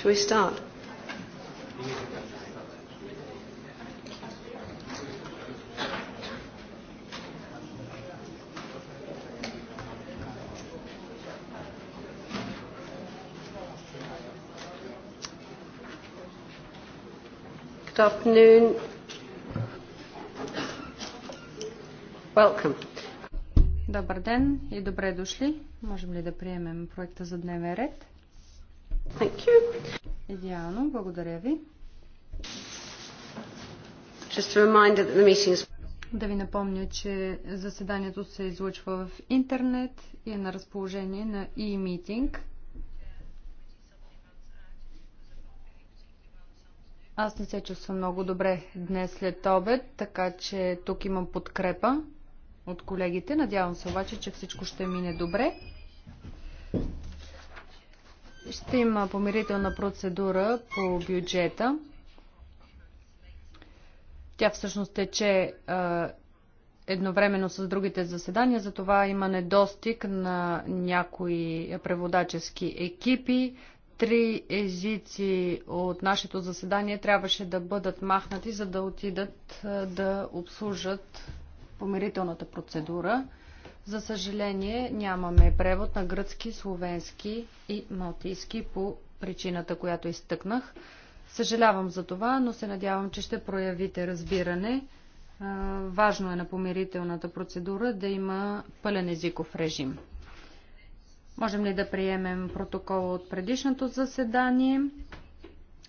Shall we start? Good afternoon. Welcome. Добър ден и добре дошли. Можем ли да приемем проекта за дневен ред? Идеално, благодаря ви. Is... Да ви напомня, че заседанието се излъчва в интернет и е на разположение на e-meeting. Аз не се чувствам много добре днес след обед, така че тук имам подкрепа от колегите. Надявам се обаче, че всичко ще мине добре. Ще има помирителна процедура по бюджета. Тя всъщност тече едновременно с другите заседания, затова има недостиг на някои преводачески екипи. Три езици от нашето заседание трябваше да бъдат махнати, за да отидат да обслужат помирителната процедура. За съжаление нямаме превод на гръцки, словенски и малтийски по причината, която изтъкнах. Съжалявам за това, но се надявам, че ще проявите разбиране. Важно е на помирителната процедура да има пълен езиков режим. Можем ли да приемем протокола от предишното заседание?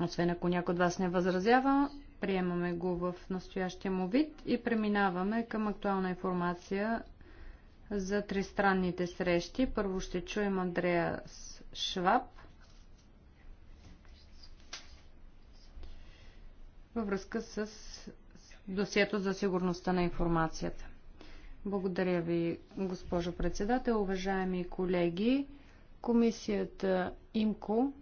Освен ако някой от вас не възразява, приемаме го в настоящия му вид и преминаваме към актуална информация за тристранните срещи. Първо ще чуем Андрея Шваб във връзка с досието за сигурността на информацията. Благодаря ви, госпожо председател, уважаеми колеги. Комисията ИМКО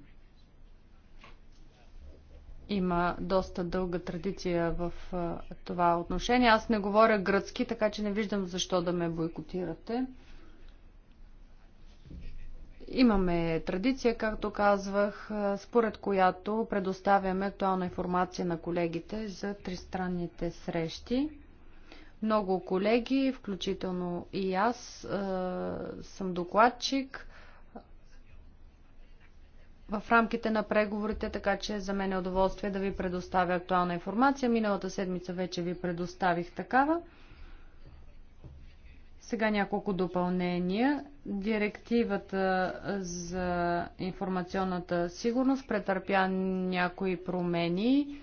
има доста дълга традиция в това отношение. Аз не говоря гръцки, така че не виждам защо да ме бойкотирате. Имаме традиция, както казвах, според която предоставяме актуална информация на колегите за тристранните срещи. Много колеги, включително и аз, съм докладчик – в рамките на преговорите, така че за мен е удоволствие да ви предоставя актуална информация. Миналата седмица вече ви предоставих такава. Сега няколко допълнения. Директивата за информационната сигурност претърпя някои промени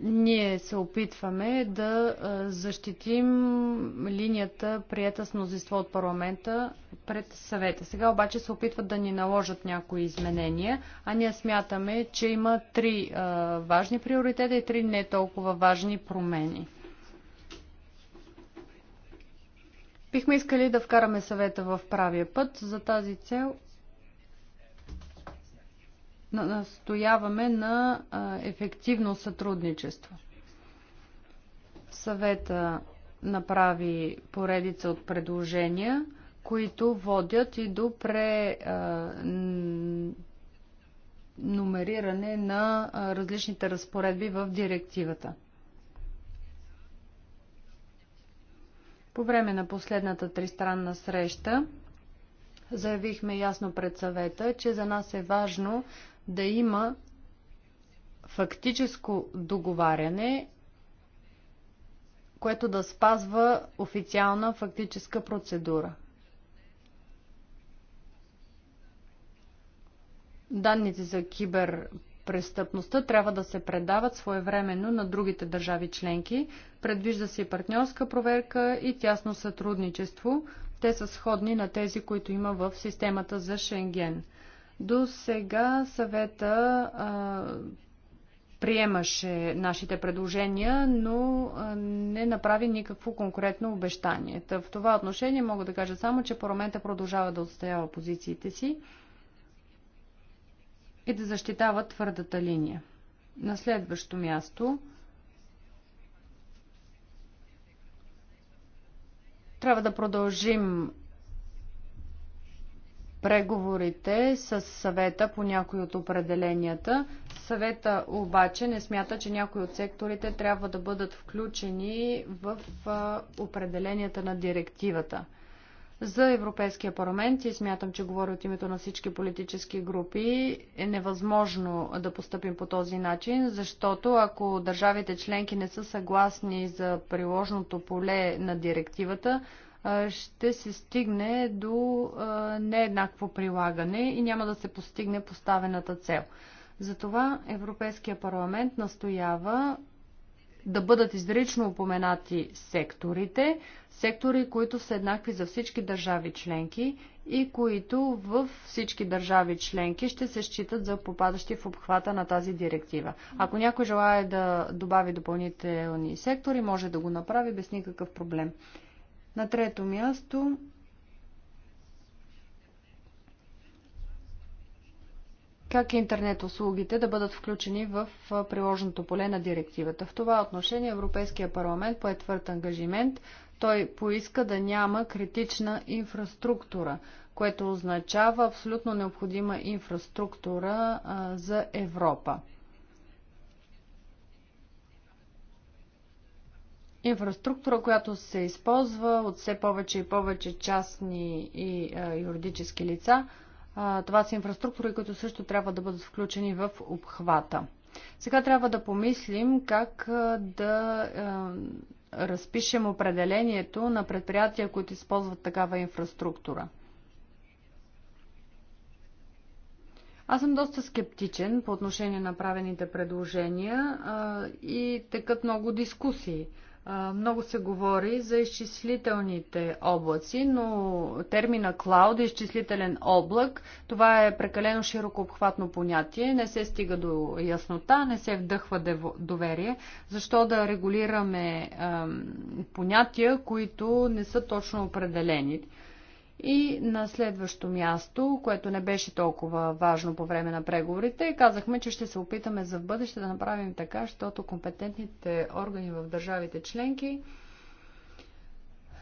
ние се опитваме да защитим линията, прията с мнозинство от парламента пред съвета. Сега обаче се опитват да ни наложат някои изменения, а ние смятаме, че има три важни приоритета и три не толкова важни промени. Бихме искали да вкараме съвета в правия път. За тази цел настояваме на ефективно сътрудничество. Съвета направи поредица от предложения, които водят и до пре на различните разпоредби в директивата. По време на последната тристранна среща заявихме ясно пред съвета, че за нас е важно да има фактическо договаряне, което да спазва официална фактическа процедура. Данните за киберпрестъпността трябва да се предават своевременно на другите държави членки. Предвижда се и партньорска проверка и тясно сътрудничество. Те са сходни на тези, които има в системата за Шенген. До сега съвета а, приемаше нашите предложения, но не направи никакво конкретно обещание. Та в това отношение мога да кажа само, че парламента продължава да отстоява позициите си и да защитава твърдата линия. На следващо място трябва да продължим преговорите с съвета по някои от определенията. Съвета обаче не смята, че някои от секторите трябва да бъдат включени в определенията на директивата. За Европейския парламент, и смятам, че говоря от името на всички политически групи, е невъзможно да поступим по този начин, защото ако държавите членки не са съгласни за приложното поле на директивата, ще се стигне до нееднакво прилагане и няма да се постигне поставената цел. Затова Европейския парламент настоява да бъдат изрично упоменати секторите, сектори, които са еднакви за всички държави членки и които в всички държави членки ще се считат за попадащи в обхвата на тази директива. Ако някой желая да добави допълнителни сектори, може да го направи без никакъв проблем. На трето място как е интернет услугите да бъдат включени в приложното поле на директивата. В това отношение Европейския парламент пое твърд ангажимент. Той поиска да няма критична инфраструктура, което означава абсолютно необходима инфраструктура а, за Европа. инфраструктура, която се използва от все повече и повече частни и а, юридически лица. А, това са инфраструктури, които също трябва да бъдат включени в обхвата. Сега трябва да помислим как да а, разпишем определението на предприятия, които използват такава инфраструктура. Аз съм доста скептичен по отношение на правените предложения а, и текат много дискусии. Много се говори за изчислителните облаци, но термина клауд, е изчислителен облак, това е прекалено широко обхватно понятие. Не се стига до яснота, не се вдъхва доверие. Защо да регулираме понятия, които не са точно определени? И на следващо място, което не беше толкова важно по време на преговорите, казахме, че ще се опитаме за в бъдеще да направим така, защото компетентните органи в държавите членки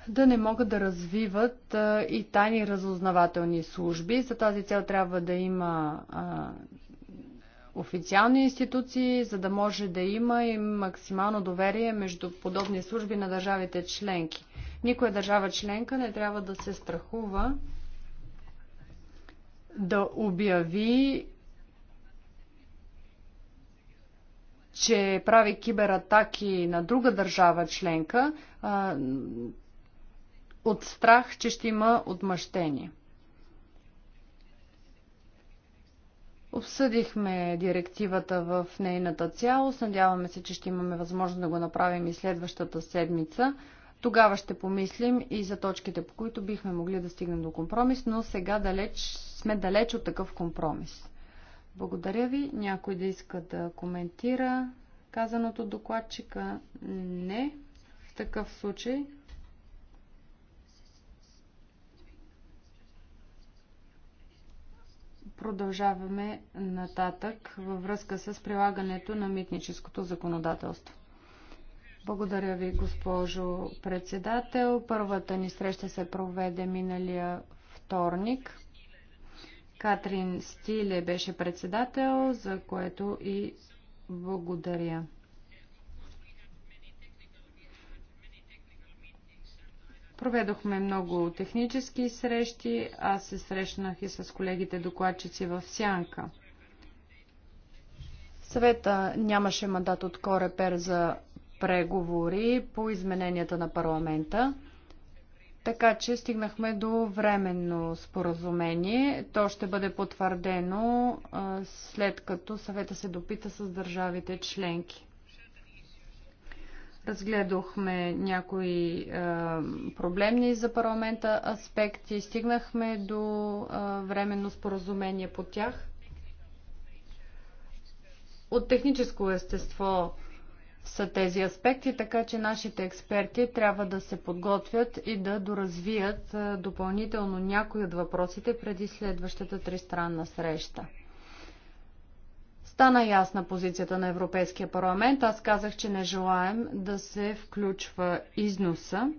да не могат да развиват а, и тайни разузнавателни служби. За тази цел трябва да има а, официални институции, за да може да има и максимално доверие между подобни служби на държавите членки. Никоя държава членка не трябва да се страхува да обяви, че прави кибератаки на друга държава членка а, от страх, че ще има отмъщение. Обсъдихме директивата в нейната цялост. Надяваме се, че ще имаме възможност да го направим и следващата седмица. Тогава ще помислим и за точките, по които бихме могли да стигнем до компромис, но сега далеч, сме далеч от такъв компромис. Благодаря ви. Някой да иска да коментира казаното докладчика? Не. В такъв случай продължаваме нататък във връзка с прилагането на митническото законодателство. Благодаря ви, госпожо председател. Първата ни среща се проведе миналия вторник. Катрин Стиле беше председател, за което и благодаря. Проведохме много технически срещи. Аз се срещнах и с колегите докладчици в Сянка. Съвета нямаше мандат от Корепер за преговори по измененията на парламента. Така че стигнахме до временно споразумение. То ще бъде потвърдено след като съвета се допита с държавите членки. Разгледохме някои е, проблемни за парламента аспекти, стигнахме до е, временно споразумение по тях. От техническо естество са тези аспекти, така че нашите експерти трябва да се подготвят и да доразвият допълнително някои от въпросите преди следващата тристранна среща. Стана ясна позицията на Европейския парламент. Аз казах, че не желаем да се включва износа.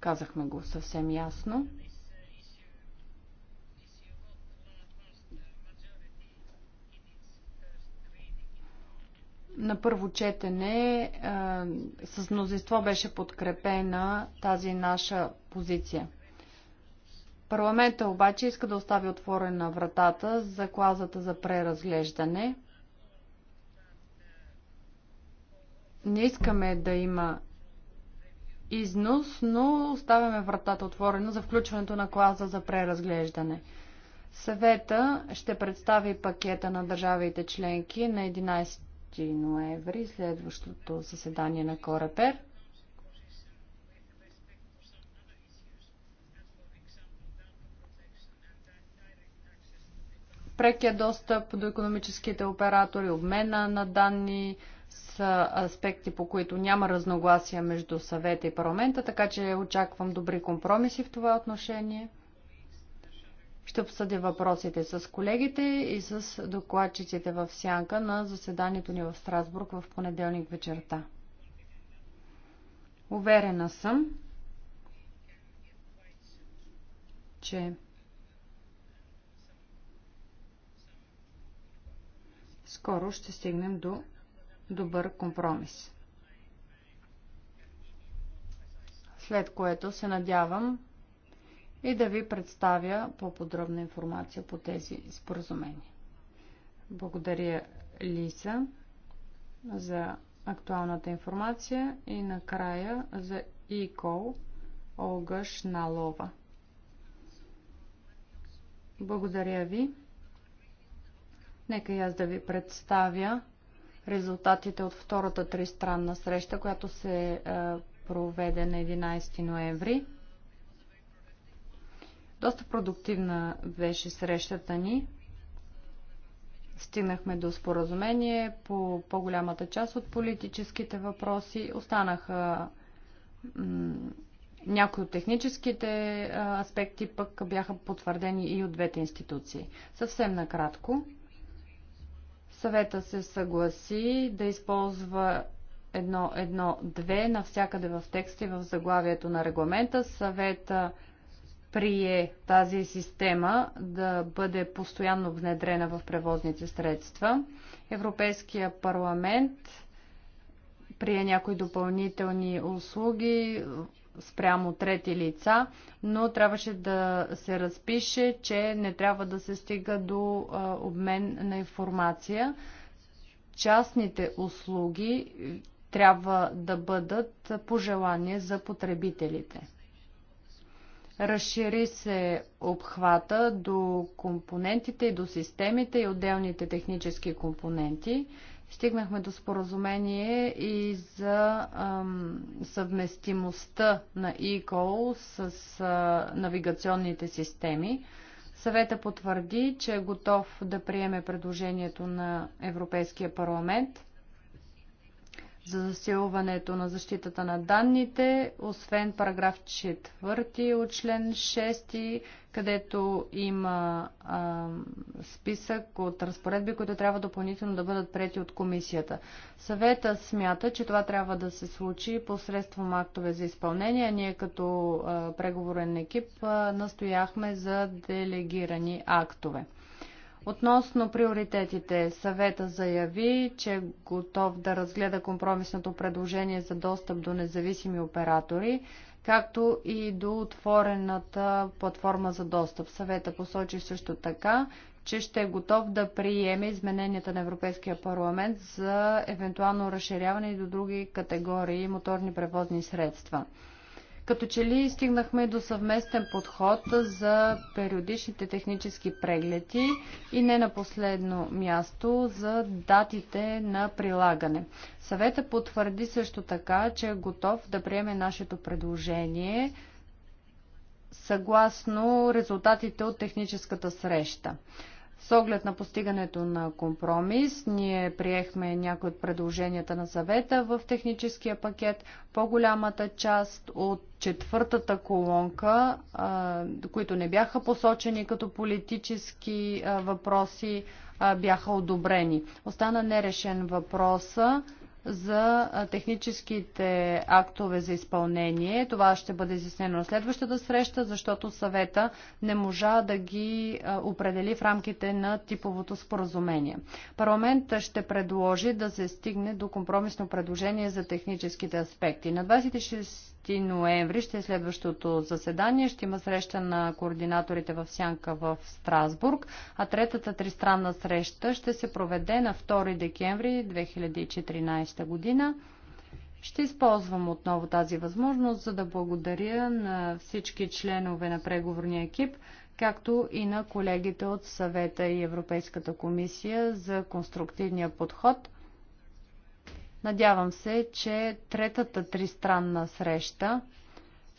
Казахме го съвсем ясно. на първо четене а, е, с мнозинство беше подкрепена тази наша позиция. Парламента обаче иска да остави отворена вратата за клазата за преразглеждане. Не искаме да има износ, но оставяме вратата отворена за включването на клаза за преразглеждане. Съвета ще представи пакета на държавите членки на 11 4 ноември, следващото заседание на Корепер. Прекия достъп до економическите оператори, обмена на данни са аспекти, по които няма разногласия между съвета и парламента, така че очаквам добри компромиси в това отношение. Ще обсъдя въпросите с колегите и с докладчиците в сянка на заседанието ни в Страсбург в понеделник вечерта. Уверена съм, че скоро ще стигнем до добър компромис. След което се надявам и да ви представя по-подробна информация по тези споразумения. Благодаря, Лиса, за актуалната информация и накрая за ИКОЛ Олга Шналова. Благодаря ви. Нека и аз да ви представя резултатите от втората тристранна среща, която се е, проведе на 11 ноември. Доста продуктивна беше срещата ни. Стигнахме до споразумение по по-голямата част от политическите въпроси. Останаха някои от техническите аспекти пък бяха потвърдени и от двете институции. Съвсем накратко, съвета се съгласи да използва едно, едно, две навсякъде в текста и в заглавието на регламента. Съвета прие тази система да бъде постоянно внедрена в превозните средства. Европейския парламент прие някои допълнителни услуги спрямо трети лица, но трябваше да се разпише, че не трябва да се стига до обмен на информация. Частните услуги трябва да бъдат пожелания за потребителите. Разшири се обхвата до компонентите и до системите и отделните технически компоненти. Стигнахме до споразумение и за ам, съвместимостта на ECOL с а, навигационните системи. Съвета потвърди, че е готов да приеме предложението на Европейския парламент – за засилването на защитата на данните, освен параграф 4 от член 6, където има а, списък от разпоредби, които трябва допълнително да бъдат прети от комисията. Съвета смята, че това трябва да се случи посредством актове за изпълнение. Ние като а, преговорен екип а, настояхме за делегирани актове. Относно приоритетите, съвета заяви, че е готов да разгледа компромисното предложение за достъп до независими оператори, както и до отворената платформа за достъп. Съвета посочи също така, че ще е готов да приеме измененията на Европейския парламент за евентуално разширяване и до други категории моторни превозни средства. Като че ли стигнахме до съвместен подход за периодичните технически прегледи и не на последно място за датите на прилагане. Съвета потвърди също така, че е готов да приеме нашето предложение съгласно резултатите от техническата среща. С оглед на постигането на компромис, ние приехме някои от предложенията на съвета в техническия пакет. По-голямата част от четвъртата колонка, които не бяха посочени като политически въпроси, бяха одобрени. Остана нерешен въпроса за техническите актове за изпълнение. Това ще бъде изяснено на следващата среща, защото съвета не можа да ги определи в рамките на типовото споразумение. Парламент ще предложи да се стигне до компромисно предложение за техническите аспекти. На 26 15 ноември ще е следващото заседание. Ще има среща на координаторите в Сянка в Страсбург, а третата тристранна среща ще се проведе на 2 декември 2014 година. Ще използвам отново тази възможност, за да благодаря на всички членове на преговорния екип, както и на колегите от съвета и Европейската комисия за конструктивния подход – Надявам се, че третата тристранна среща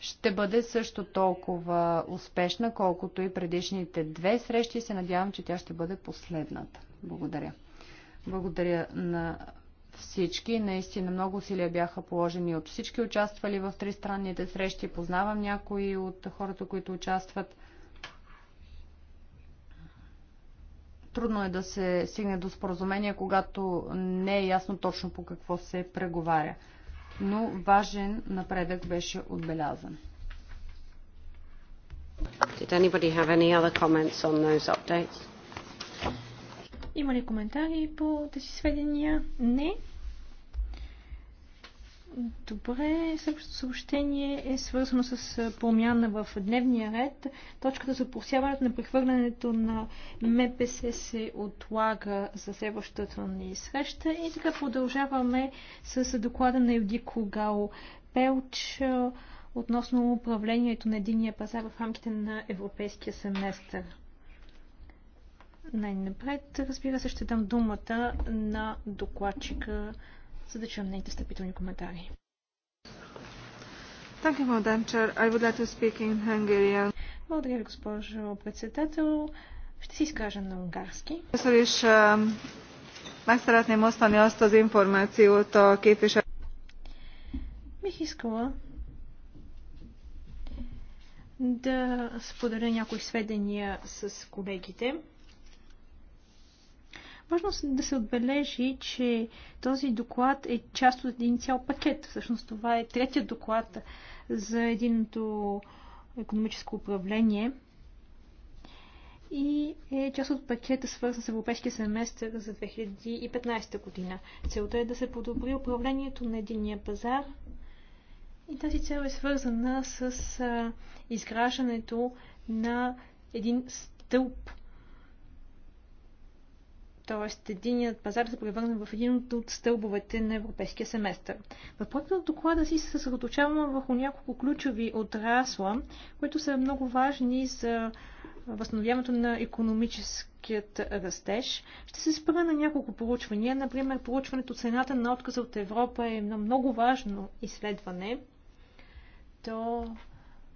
ще бъде също толкова успешна, колкото и предишните две срещи. Се надявам, че тя ще бъде последната. Благодаря. Благодаря на всички. Наистина много усилия бяха положени от всички участвали в тристранните срещи. Познавам някои от хората, които участват. Трудно е да се стигне до споразумение, когато не е ясно точно по какво се преговаря. Но важен напредък беше отбелязан. Did anybody have any other comments on those updates? Има ли коментари по тези сведения? Не. Добре, следващото съобщение е свързано с промяна в дневния ред. Точката за просяването на прехвърлянето на МПС се отлага за следващата ни среща. И така продължаваме с доклада на Евдико Гао Пелч относно управлението на единия пазар в рамките на европейския семестър. Най-напред, разбира се, ще дам думата на докладчика за да чуем нейните стъпителни коментари. Благодаря ви, госпожо председател. Ще си изкажа на унгарски. Бих искала да споделя някои сведения с колегите. Важно да се отбележи, че този доклад е част от един цял пакет. Всъщност това е третия доклад за единото економическо управление и е част от пакета свързан с Европейския семестър за 2015 година. Целта е да се подобри управлението на единния пазар и тази цел е свързана с изграждането на един стълб Тоест, единият пазар се превърна в един от стълбовете на европейския семестър. В проекта на доклада си се съсредоточаваме върху няколко ключови отрасла, които са много важни за възстановяването на економическият растеж. Ще се спра на няколко проучвания. Например, проучването цената на отказа от Европа е едно много важно изследване. То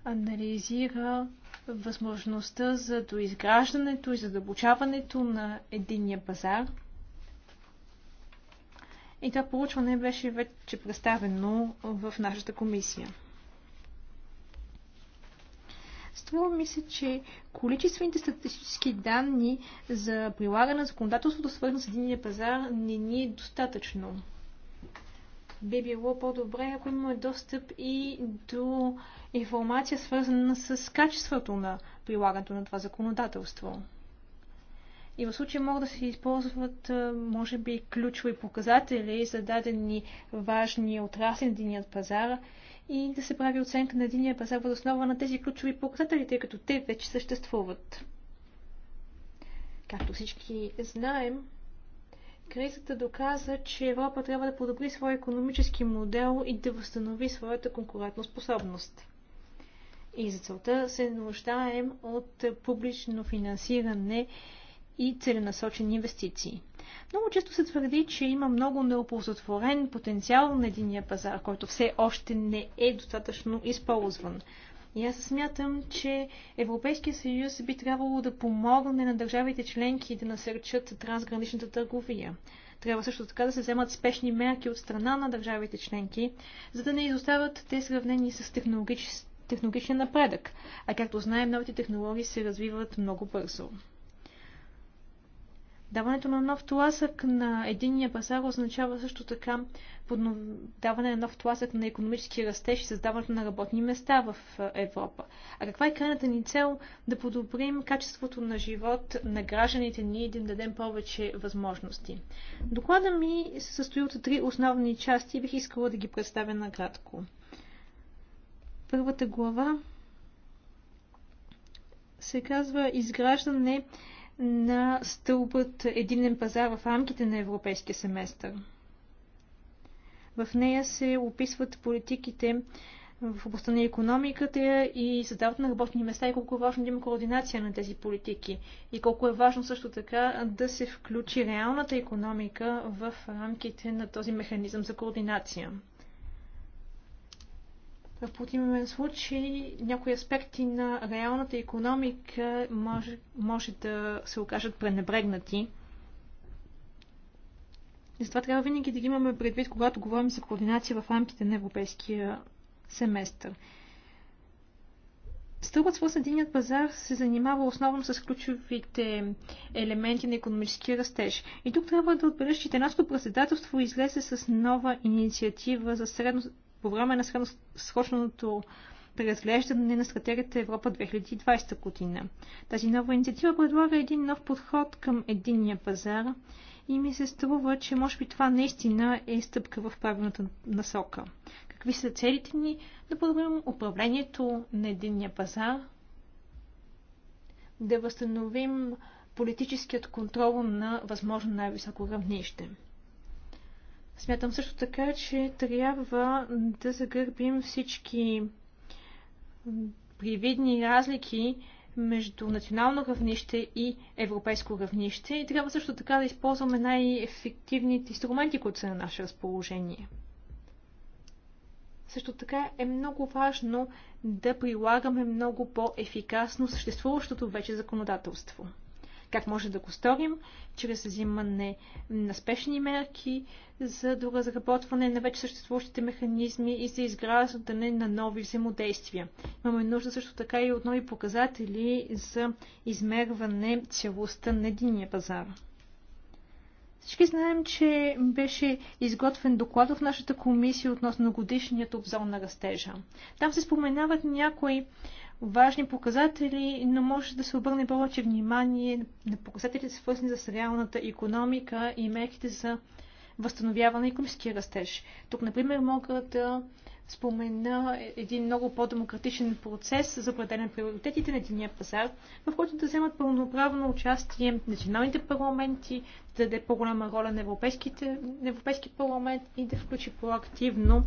анализира възможността за доизграждането и задълбочаването на единния пазар. И това получване беше вече представено в нашата комисия. Струва ми се, че количествените статистически данни за прилагане на законодателството, свързано с единния пазар, не ни е достатъчно би било по-добре, ако имаме достъп и до информация, свързана с качеството на прилагането на това законодателство. И в случая могат да се използват, може би, ключови показатели за дадени важни отрасли на единият пазар и да се прави оценка на единия пазар въз основа на тези ключови показатели, тъй като те вече съществуват. Както всички знаем, Кризата доказа, че Европа трябва да подобри своя економически модел и да възстанови своята конкурентоспособност. И за целта се нуждаем от публично финансиране и целенасочени инвестиции. Много често се твърди, че има много неоползотворен потенциал на единия пазар, който все още не е достатъчно използван. И аз смятам, че Европейския съюз би трябвало да помогне на държавите членки да насърчат трансграничната търговия. Трябва също така да се вземат спешни мерки от страна на държавите членки, за да не изостават те сравнени с технологичен напредък. А както знаем, новите технологии се развиват много бързо. Даването на нов тласък на единния пазар означава също така даване на нов тласък на економически растеж и създаването на работни места в е, Европа. А каква е крайната ни цел? Да подобрим качеството на живот на гражданите ни и да им дадем повече възможности. Доклада ми се състои от три основни части и бих искала да ги представя накратко. Първата глава се казва Изграждане на стълбът Единен пазар в рамките на европейския семестър. В нея се описват политиките в областта на економиката и създаването на работни места и колко е важно да има координация на тези политики и колко е важно също така да се включи реалната економика в рамките на този механизъм за координация. В противен случай някои аспекти на реалната економика може, може да се окажат пренебрегнати. И затова трябва винаги да ги имаме предвид, когато говорим за координация в рамките на европейския семестър. Стълбът свърз единият пазар се занимава основно с ключовите елементи на економическия растеж. И тук трябва да отбележи, че Тенарското председателство излезе с нова инициатива за средно по време на срочното преразглеждане на стратегията Европа 2020 година. Тази нова инициатива предлага един нов подход към единния пазар и ми се струва, че може би това наистина е стъпка в правилната насока. Какви са целите ни? Да подобрим управлението на единния пазар, да възстановим политическият контрол на възможно най-високо равнище. Смятам също така, че трябва да загърбим всички привидни разлики между национално равнище и европейско равнище и трябва също така да използваме най-ефективните инструменти, които са на наше разположение. Също така е много важно да прилагаме много по-ефикасно съществуващото вече законодателство. Как може да го сторим? Чрез взимане на спешни мерки за доразработване на вече съществуващите механизми и за изграждане на нови взаимодействия. Имаме нужда също така и от нови показатели за измерване цялостта на единия пазар. Всички знаем, че беше изготвен доклад в нашата комисия относно годишният обзор на растежа. Там се споменават някои важни показатели, но може да се обърне повече внимание на показателите, свързани с реалната економика и мерките за възстановяване на економическия растеж. Тук, например, мога да спомена един много по-демократичен процес за определен приоритетите на единия пазар, в който да вземат пълноправно участие националните парламенти, да даде по-голяма роля на Европейски парламент и да включи по-активно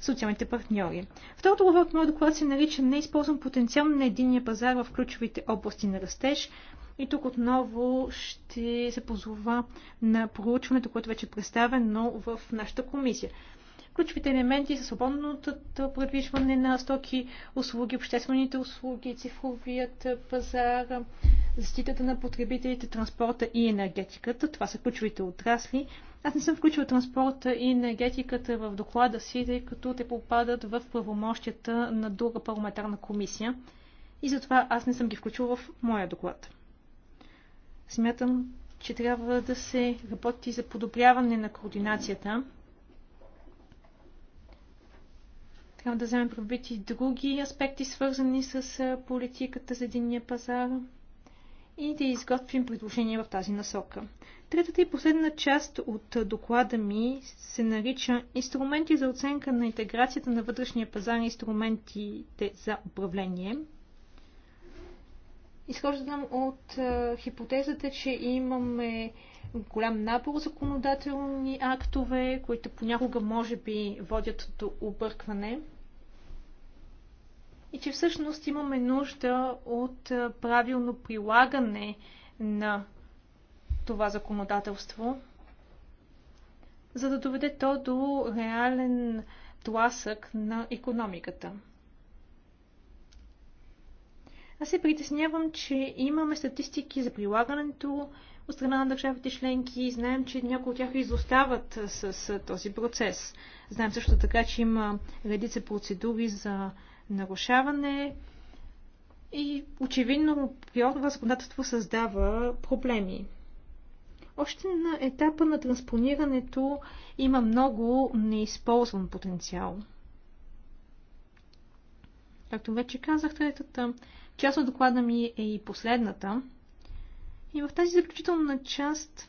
социалните партньори. Второто глава от моя доклад се нарича Неизползван потенциал на единния пазар в ключовите области на растеж. И тук отново ще се позова на проучването, което вече е представено в нашата комисия. Ключовите елементи са свободното предвижване на стоки, услуги, обществените услуги, цифровият пазар, защитата на потребителите, транспорта и енергетиката. Това са ключовите отрасли. Аз не съм включила транспорта и енергетиката в доклада си, тъй като те попадат в правомощията на друга парламентарна комисия. И затова аз не съм ги включила в моя доклад. Смятам, че трябва да се работи за подобряване на координацията Трябва да вземем предвид и други аспекти, свързани с политиката за единния пазар и да изготвим предложения в тази насока. Третата и последна част от доклада ми се нарича Инструменти за оценка на интеграцията на вътрешния пазар и инструментите за управление. Изхождам от хипотезата, че имаме голям набор законодателни актове, които понякога може би водят до объркване и че всъщност имаме нужда от правилно прилагане на това законодателство, за да доведе то до реален тласък на економиката. Аз се притеснявам, че имаме статистики за прилагането от страна на държавите членки и знаем, че някои от тях изостават с, този процес. Знаем също така, че има редица процедури за нарушаване и очевидно приорното законодателство създава проблеми. Още на етапа на транспонирането има много неизползван потенциал. Както вече казах, третата част от доклада ми е и последната. И в тази заключителна част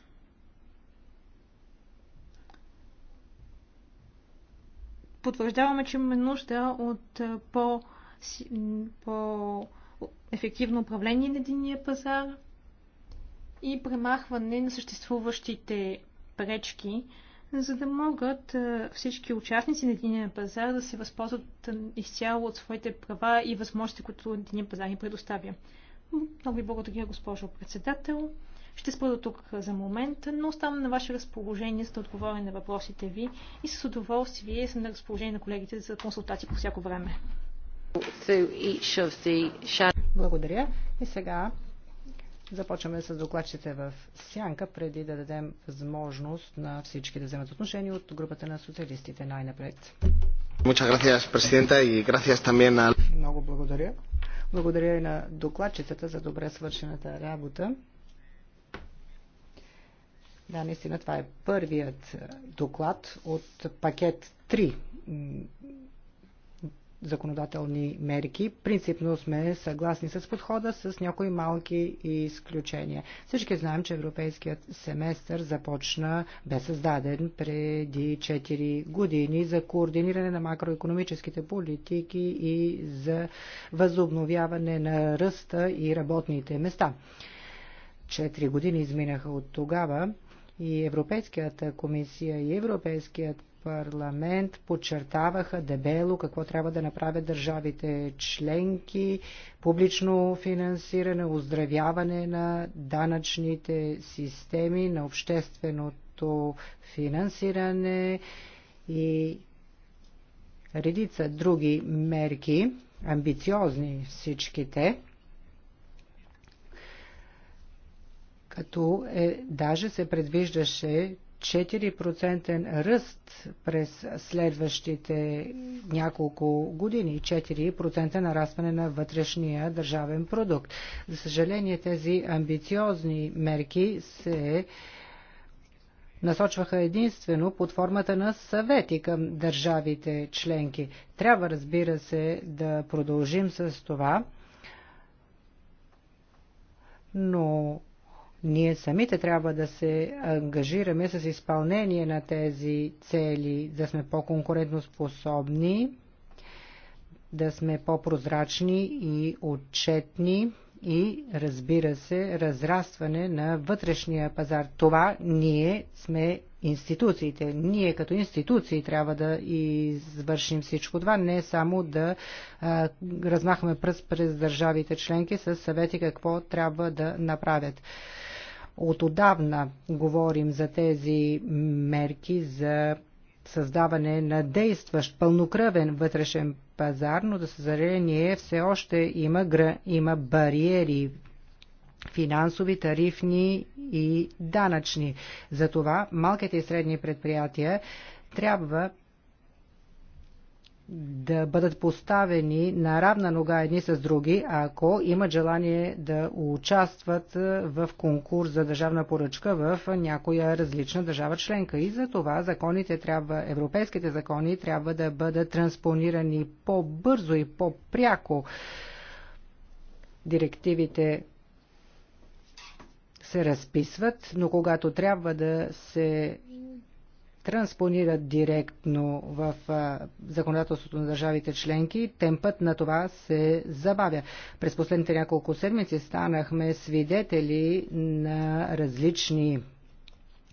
потвърждаваме, че имаме нужда от по, по ефективно управление на единния пазар и премахване на съществуващите пречки, за да могат всички участници на единния пазар да се възползват изцяло от своите права и възможности, които единния пазар ни предоставя. Много ви благодаря, госпожо председател. Ще спра до тук за момент, но оставам на ваше разположение за да отговоря на въпросите ви и с удоволствие съм на разположение на колегите за консултации по всяко време. Благодаря. И сега започваме с докладчите в сянка, преди да дадем възможност на всички да вземат отношение от групата на социалистите най-напред. Много благодаря. Благодаря и на докладчицата за добре свършената работа. Да, наистина това е първият е, доклад от пакет 3 законодателни мерки. Принципно сме съгласни с подхода с някои малки изключения. Всички знаем, че европейският семестър започна, бе създаден преди 4 години за координиране на макроекономическите политики и за възобновяване на ръста и работните места. Четири години изминаха от тогава и Европейската комисия, и Европейският парламент подчертаваха дебело какво трябва да направят държавите членки, публично финансиране, оздравяване на данъчните системи, на общественото финансиране и редица други мерки, амбициозни всичките, като е, даже се предвиждаше 4% ръст през следващите няколко години, 4% нарастване на вътрешния държавен продукт. За съжаление, тези амбициозни мерки се насочваха единствено под формата на съвети към държавите членки. Трябва, разбира се, да продължим с това, но ние самите трябва да се ангажираме с изпълнение на тези цели, да сме по-конкурентоспособни, да сме по-прозрачни и отчетни и, разбира се, разрастване на вътрешния пазар. Това ние сме институциите. Ние като институции трябва да извършим всичко това, не само да а, размахаме пръст през държавите членки с съвети какво трябва да направят. От отдавна говорим за тези мерки за създаване на действащ пълнокръвен вътрешен пазар, но за съжаление все още има, гра, има бариери финансови, тарифни и данъчни. Затова малките и средни предприятия трябва да бъдат поставени на равна нога едни с други, ако имат желание да участват е, в конкурс за държавна поръчка в някоя различна държава членка. И за това законите трябва, европейските закони трябва да бъдат транспонирани по-бързо и по-пряко. Директивите се разписват, но когато трябва да се транспонират директно в законодателството на държавите членки, темпът на това се забавя. През последните няколко седмици станахме свидетели на различни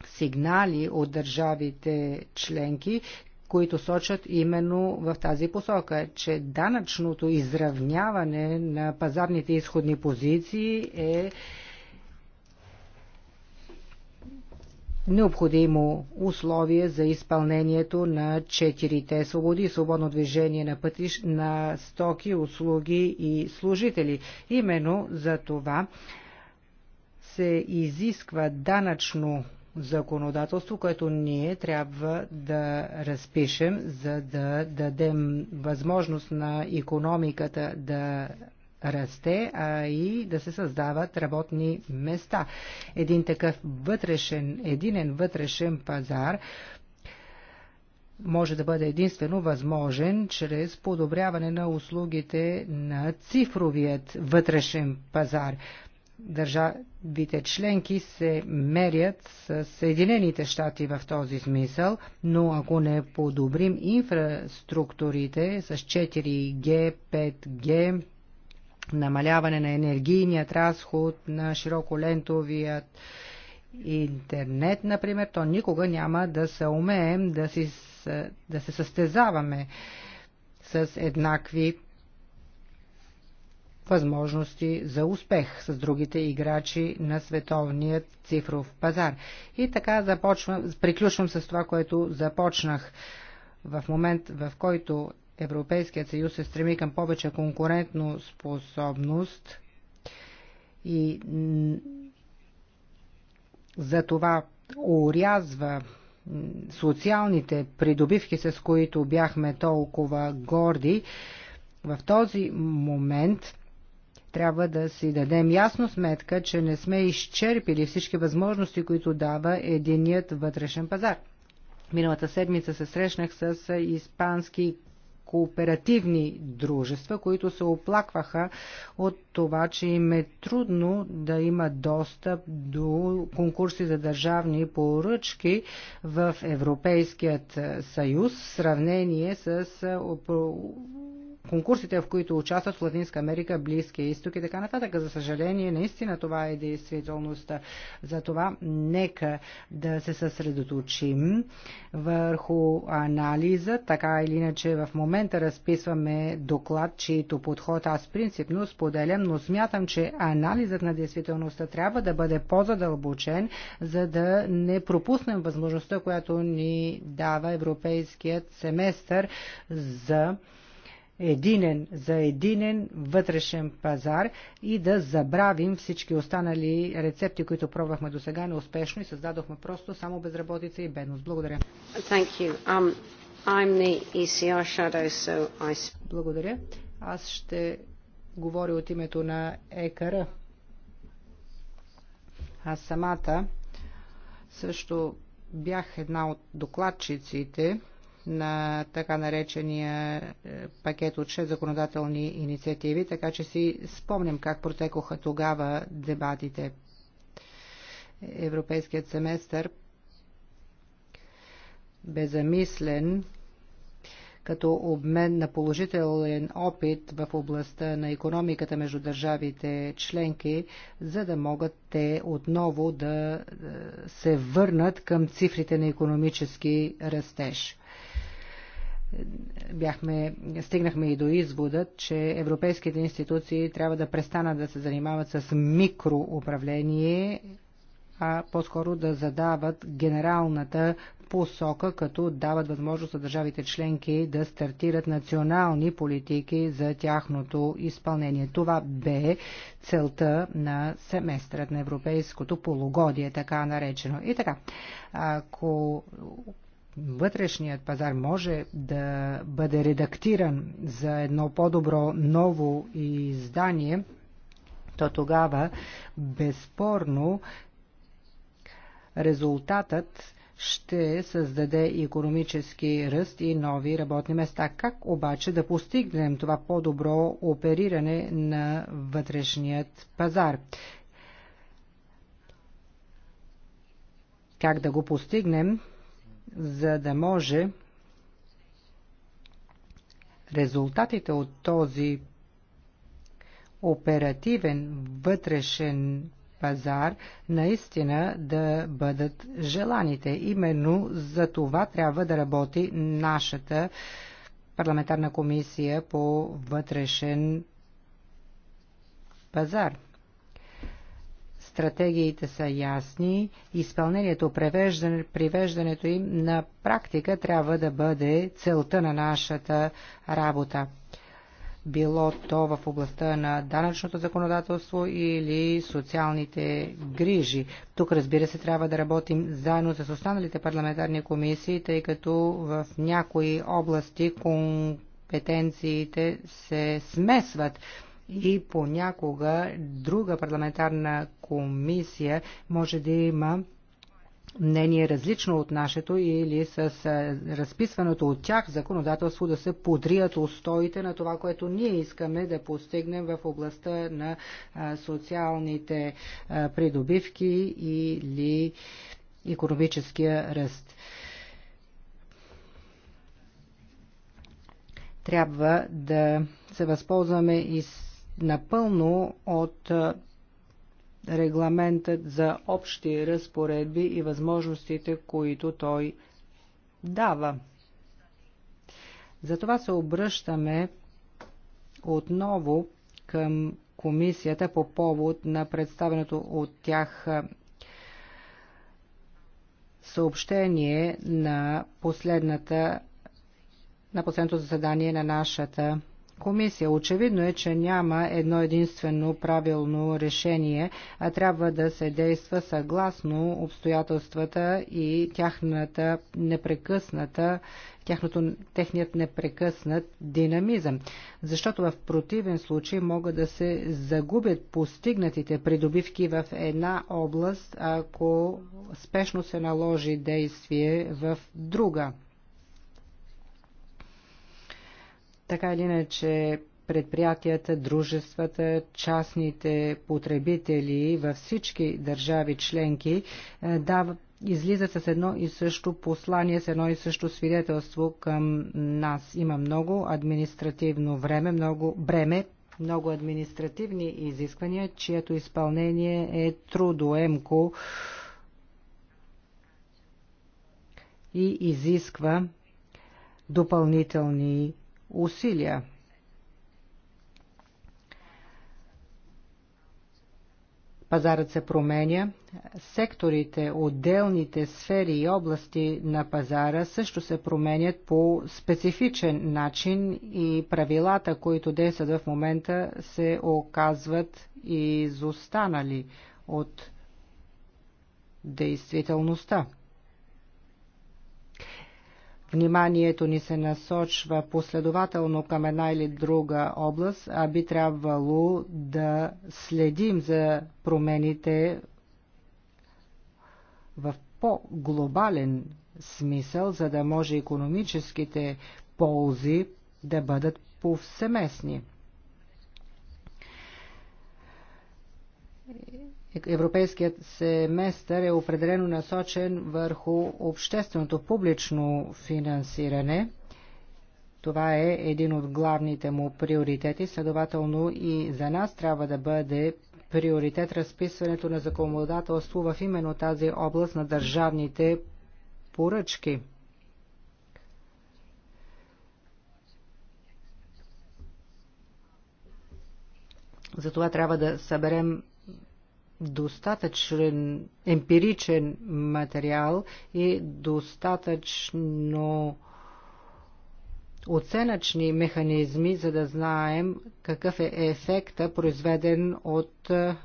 сигнали от държавите членки, които сочат именно в тази посока, че данъчното изравняване на пазарните изходни позиции е необходимо условие за изпълнението на четирите свободи, свободно движение на, пътиш, на стоки, услуги и служители. Именно за това се изисква данъчно законодателство, което ние трябва да разпишем, за да дадем възможност на економиката да расте, а и да се създават работни места. Един такъв вътрешен, единен вътрешен пазар може да бъде единствено възможен чрез подобряване на услугите на цифровият вътрешен пазар. Държавите членки се мерят с Съединените щати в този смисъл, но ако не подобрим инфраструктурите с 4G, 5G, намаляване на енергийният разход на широколентовият интернет, например, то никога няма да се умеем да, си, да се състезаваме с еднакви възможности за успех с другите играчи на световният цифров пазар. И така започвам, приключвам с това, което започнах. В момент, в който Европейският съюз се стреми към повече конкурентно способност и за това урязва социалните придобивки, с които бяхме толкова горди, в този момент трябва да си дадем ясно сметка, че не сме изчерпили всички възможности, които дава единият вътрешен пазар. Миналата седмица се срещнах с испански кооперативни дружества, които се оплакваха от това, че им е трудно да има достъп до конкурси за държавни поръчки в Европейският съюз в сравнение с конкурсите, в които участват в Латинска Америка, Близкия изток и така нататък. За съжаление, наистина това е действителността. това. нека да се съсредоточим върху анализа. Така или иначе в момента разписваме доклад, чието подход аз принципно споделям, но смятам, че анализът на действителността трябва да бъде по-задълбочен, за да не пропуснем възможността, която ни дава европейският семестър за единен, за единен вътрешен пазар и да забравим всички останали рецепти, които пробвахме до сега неуспешно и създадохме просто само безработица и бедност. Благодаря. Um, e shadow, so I... Благодаря. Аз ще говоря от името на ЕКР. Аз самата също бях една от докладчиците на така наречения е, пакет от 6 законодателни инициативи, така че си спомням как протекоха тогава дебатите. Европейският семестър бе замислен като обмен на положителен опит в областта на економиката между държавите членки, за да могат те отново да е, се върнат към цифрите на економически растеж бяхме, стигнахме и до извода, че европейските институции трябва да престанат да се занимават с микроуправление, а по-скоро да задават генералната посока, като дават възможност на държавите членки да стартират национални политики за тяхното изпълнение. Това бе целта на семестрът на европейското полугодие, така наречено. И така, ако вътрешният пазар може да бъде редактиран за едно по-добро ново издание, то тогава безспорно резултатът ще създаде економически ръст и нови работни места. Как обаче да постигнем това по-добро опериране на вътрешният пазар? Как да го постигнем? за да може резултатите от този оперативен вътрешен пазар наистина да бъдат желаните. Именно за това трябва да работи нашата парламентарна комисия по вътрешен пазар стратегиите са ясни, изпълнението, превеждане, привеждането им на практика трябва да бъде целта на нашата работа. Било то в областта на данъчното законодателство или социалните грижи. Тук, разбира се, трябва да работим заедно с останалите парламентарни комисии, тъй като в някои области компетенциите се смесват и понякога друга парламентарна комисия може да има мнение различно от нашето или с разписваното от тях законодателство да се подрият устоите на това, което ние искаме да постигнем в областта на социалните придобивки или економическия ръст. Трябва да се възползваме и с напълно от регламентът за общи разпоредби и възможностите, които той дава. Затова се обръщаме отново към комисията по повод на представеното от тях съобщение на последната на последното заседание на нашата комисия. Очевидно е, че няма едно единствено правилно решение, а трябва да се действа съгласно обстоятелствата и тяхната непрекъсната, тяхното, техният непрекъснат динамизъм. Защото в противен случай могат да се загубят постигнатите придобивки в една област, ако спешно се наложи действие в друга. Така или иначе, предприятията, дружествата, частните потребители във всички държави членки е, дават излизат с едно и също послание, с едно и също свидетелство към нас. Има много административно време, много бреме, много административни изисквания, чието изпълнение е трудоемко и изисква допълнителни усилия. Пазарът се променя, секторите, отделните сфери и области на пазара също се променят по специфичен начин и правилата, които действат в момента, се оказват изостанали от действителността вниманието ни се насочва последователно към една или друга област, а би трябвало да следим за промените в по-глобален смисъл, за да може економическите ползи да бъдат повсеместни. Европейският семестър е определено насочен върху общественото публично финансиране. Това е един от главните му приоритети, следователно и за нас трябва да бъде приоритет разписването на законодателство в именно тази област на държавните поръчки. Затова трябва да съберем достатъчен емпиричен материал и достатъчно оценъчни механизми, за да знаем какъв е ефекта, произведен от е,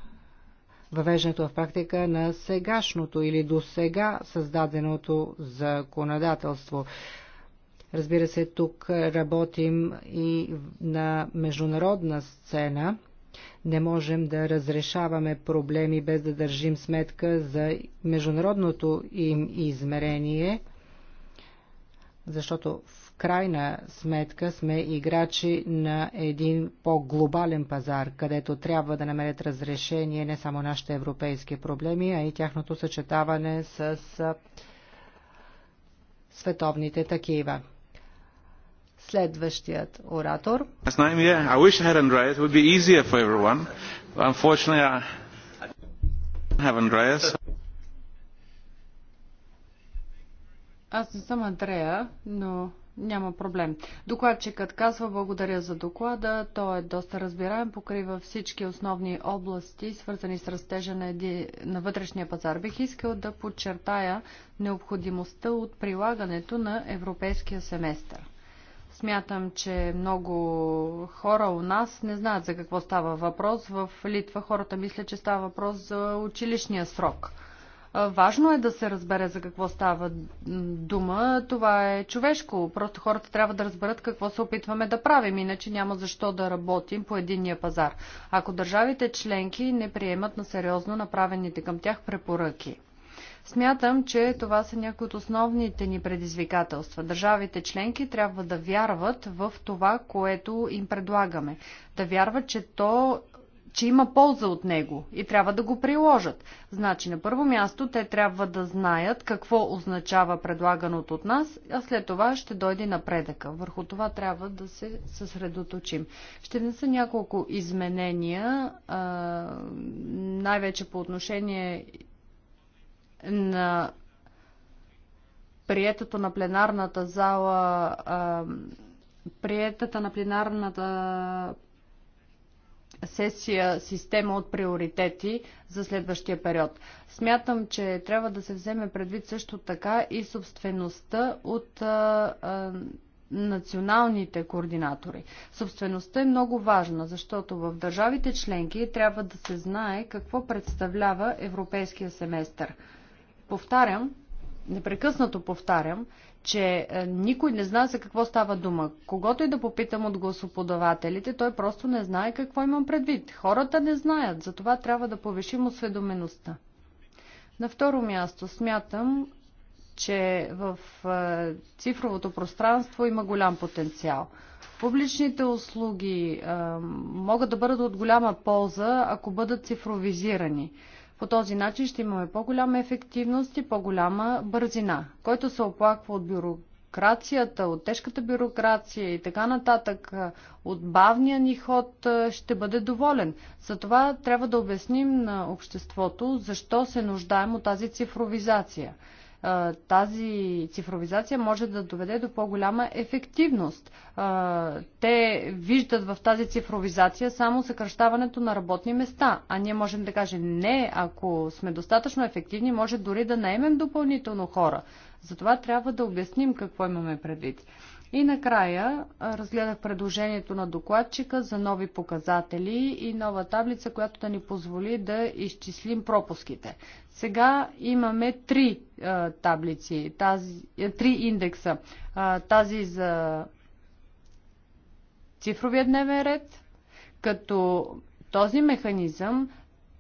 въвеждането в практика на сегашното или до сега създаденото законодателство. Разбира се, тук работим и на международна сцена – не можем да разрешаваме проблеми без да държим сметка за международното им измерение, защото в крайна сметка сме играчи на един по-глобален пазар, където трябва да намерят разрешение не само нашите европейски проблеми, а и тяхното съчетаване с световните такива. Следващият оратор. Аз не съм Андрея, но няма проблем. Докладчикът казва благодаря за доклада. Той е доста разбираем, покрива всички основни области, свързани с растежа на, еди... на вътрешния пазар. Бих искал да подчертая необходимостта от прилагането на европейския семестър. Смятам, че много хора у нас не знаят за какво става въпрос. В Литва хората мислят, че става въпрос за училищния срок. Важно е да се разбере за какво става дума. Това е човешко. Просто хората трябва да разберат какво се опитваме да правим, иначе няма защо да работим по единния пазар. Ако държавите членки не приемат на сериозно направените към тях препоръки. Смятам, че това са някои от основните ни предизвикателства. Държавите членки трябва да вярват в това, което им предлагаме. Да вярват, че то че има полза от него и трябва да го приложат. Значи, на първо място, те трябва да знаят какво означава предлаганото от нас, а след това ще дойде напредъка. Върху това трябва да се съсредоточим. Ще внеса няколко изменения, най-вече по отношение на приетото на пленарната зала, приетата на пленарната сесия система от приоритети за следващия период. Смятам, че трябва да се вземе предвид също така и собствеността от а, а, националните координатори. Собствеността е много важна, защото в държавите членки трябва да се знае какво представлява европейския семестър. Повтарям, непрекъснато повтарям, че е, никой не знае за какво става дума. Когато и да попитам от гласоподавателите, той просто не знае какво имам предвид. Хората не знаят, затова трябва да повишим осведомеността. На второ място смятам, че в е, цифровото пространство има голям потенциал. Публичните услуги е, могат да бъдат от голяма полза, ако бъдат цифровизирани. По този начин ще имаме по-голяма ефективност и по-голяма бързина. Който се оплаква от бюрокрацията, от тежката бюрокрация и така нататък, от бавния ни ход, е, ще бъде доволен. Затова трябва да обясним на обществото защо се нуждаем от тази цифровизация тази цифровизация може да доведе до по-голяма ефективност. Те виждат в тази цифровизация само съкръщаването на работни места, а ние можем да кажем не, ако сме достатъчно ефективни, може дори да наемем допълнително хора. Затова трябва да обясним какво имаме предвид. И накрая разгледах предложението на докладчика за нови показатели и нова таблица, която да ни позволи да изчислим пропуските. Сега имаме три а, таблици, тази, е, три индекса. А, тази за цифровия дневен ред, като този механизъм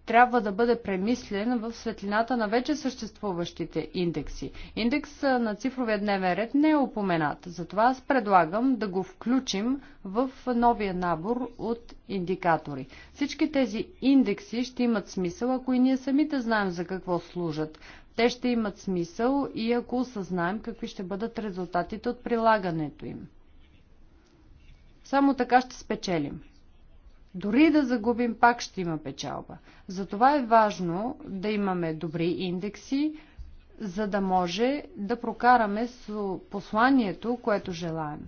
трябва да бъде премислен в светлината на вече съществуващите индекси. Индекс на цифровия дневен ред не е упоменат, затова аз предлагам да го включим в новия набор от индикатори. Всички тези индекси ще имат смисъл, ако и ние самите знаем за какво служат. Те ще имат смисъл и ако осъзнаем какви ще бъдат резултатите от прилагането им. Само така ще спечелим. Дори да загубим, пак ще има печалба. Затова е важно да имаме добри индекси, за да може да прокараме посланието, което желаем.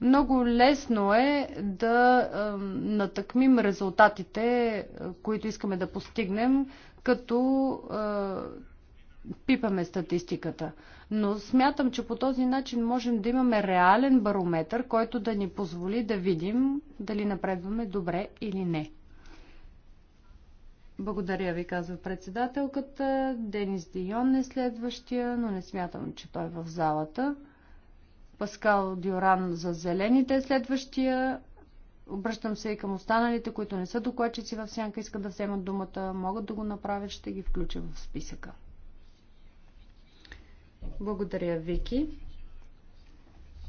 Много лесно е да натъкмим резултатите, които искаме да постигнем, като пипаме статистиката но смятам, че по този начин можем да имаме реален барометр, който да ни позволи да видим дали напредваме добре или не. Благодаря ви, казва председателката. Денис Дион е следващия, но не смятам, че той е в залата. Паскал Диоран за зелените е следващия. Обръщам се и към останалите, които не са докладчици в сянка, искат да вземат думата, могат да го направят, ще ги включа в списъка. Благодаря, Вики.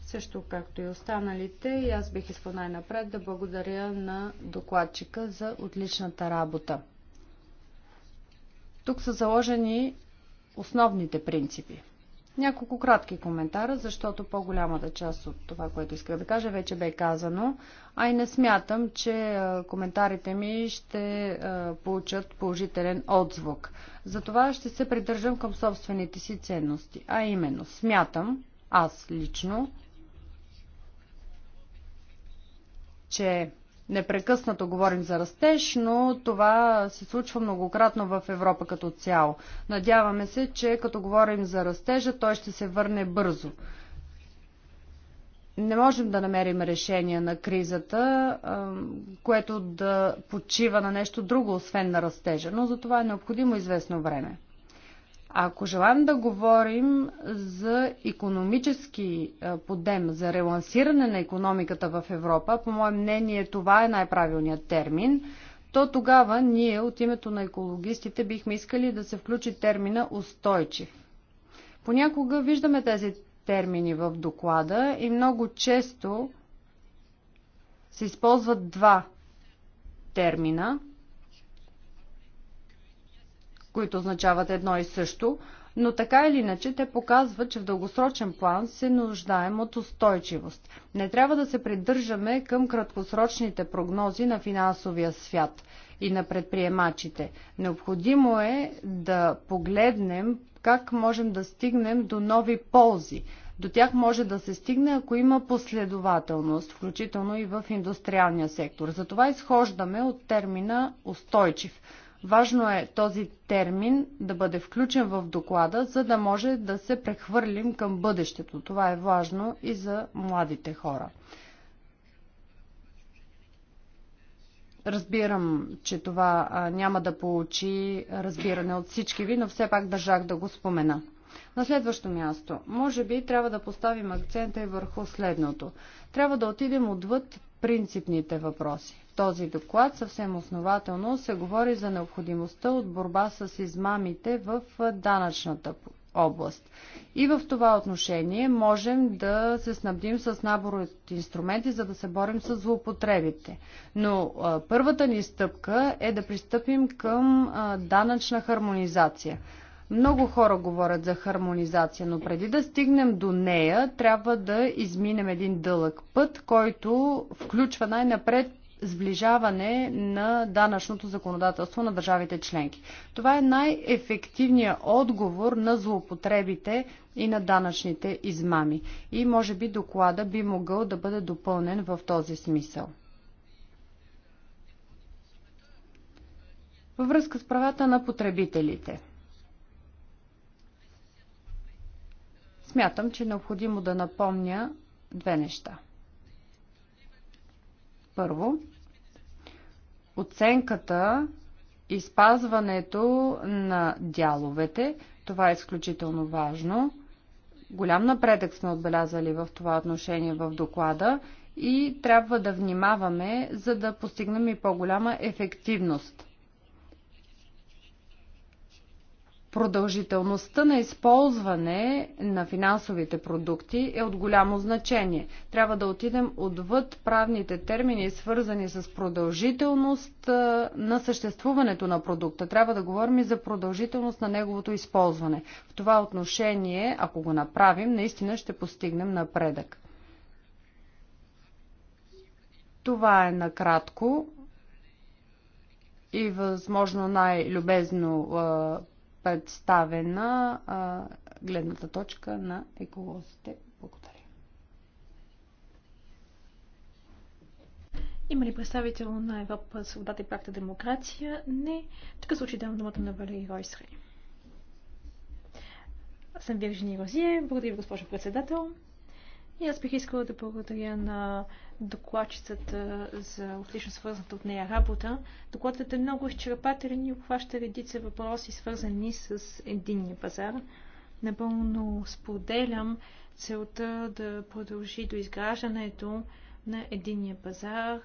Също както и останалите, и аз бих искал най-напред да благодаря на докладчика за отличната работа. Тук са заложени основните принципи. Няколко кратки коментара, защото по-голямата част от това, което исках да кажа, вече бе казано, а и не смятам, че коментарите ми ще получат положителен отзвук. Затова ще се придържам към собствените си ценности, а именно смятам, аз лично, че непрекъснато говорим за растеж, но това се случва многократно в Европа като цяло. Надяваме се, че като говорим за растежа, той ще се върне бързо. Не можем да намерим решение на кризата, което да почива на нещо друго, освен на растежа, но за това е необходимо известно време. Ако желаем да говорим за економически е, подем, за релансиране на економиката в Европа, по мое мнение това е най-правилният термин, то тогава ние от името на екологистите бихме искали да се включи термина устойчив. Понякога виждаме тези термини в доклада и много често се използват два термина – които означават едно и също, но така или иначе те показват, че в дългосрочен план се нуждаем от устойчивост. Не трябва да се придържаме към краткосрочните прогнози на финансовия свят и на предприемачите. Необходимо е да погледнем как можем да стигнем до нови ползи. До тях може да се стигне, ако има последователност, включително и в индустриалния сектор. Затова изхождаме от термина устойчив. Важно е този термин да бъде включен в доклада, за да може да се прехвърлим към бъдещето. Това е важно и за младите хора. Разбирам, че това няма да получи разбиране от всички ви, но все пак държах да го спомена. На следващо място, може би трябва да поставим акцента и върху следното. Трябва да отидем отвъд принципните въпроси. В този доклад съвсем основателно се говори за необходимостта от борба с измамите в данъчната област. И в това отношение можем да се снабдим с набор от инструменти, за да се борим с злоупотребите. Но а, първата ни стъпка е да пристъпим към а, данъчна хармонизация. Много хора говорят за хармонизация, но преди да стигнем до нея, трябва да изминем един дълъг път, който включва най-напред сближаване на данъчното законодателство на държавите членки. Това е най-ефективният отговор на злоупотребите и на данъчните измами. И може би доклада би могъл да бъде допълнен в този смисъл. Във връзка с правата на потребителите – Смятам, че е необходимо да напомня две неща. Първо, оценката и спазването на дяловете. Това е изключително важно. Голям напредък сме отбелязали в това отношение в доклада и трябва да внимаваме, за да постигнем и по-голяма ефективност Продължителността на използване на финансовите продукти е от голямо значение. Трябва да отидем отвъд правните термини, свързани с продължителност на съществуването на продукта. Трябва да говорим и за продължителност на неговото използване. В това отношение, ако го направим, наистина ще постигнем напредък. Това е накратко и възможно най-любезно представена а, гледната точка на еколозите. Благодаря. Има ли представител на Европа, Свободата и Пакта Демокрация? Не. В такъв случай давам думата на Валерий Ройсрей. Аз съм Виржини Розие. Благодаря ви, госпожо председател. И аз бих искала да благодаря на докладчицата за отлично свързаната от нея работа. Докладът е много изчерпателен и обхваща редица въпроси, свързани с единния пазар. Напълно споделям целта да продължи до изграждането на единния пазар,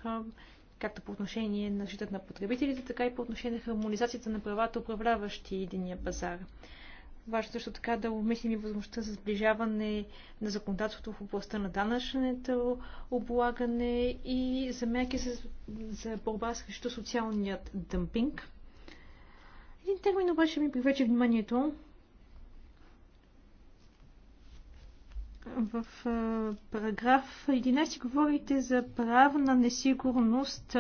както по отношение на житът на потребителите, така и по отношение на хармонизацията на правата, управляващи единния пазар. Важно също така да обмислим и възможността за сближаване на законодателството в областта на данъчното облагане и за мерки за, за борба срещу социалният дъмпинг. Един термин обаче ми привлече вниманието в параграф 11 говорите за правна несигурност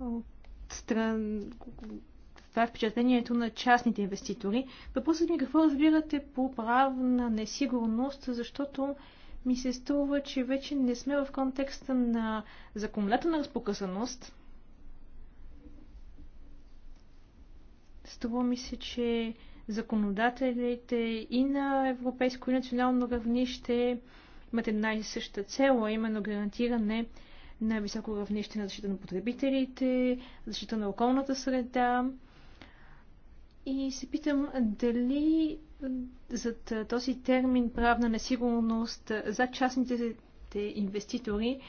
от стран това е впечатлението на частните инвеститори. Въпросът ми е какво разбирате по правна несигурност, защото ми се струва, че вече не сме в контекста на законодателна разпокъсаност. Струва ми се, че законодателите и на европейско и национално равнище имат една и съща цел, а именно гарантиране на високо равнище на защита на потребителите, защита на околната среда и се питам дали зад този термин правна несигурност за частните инвеститори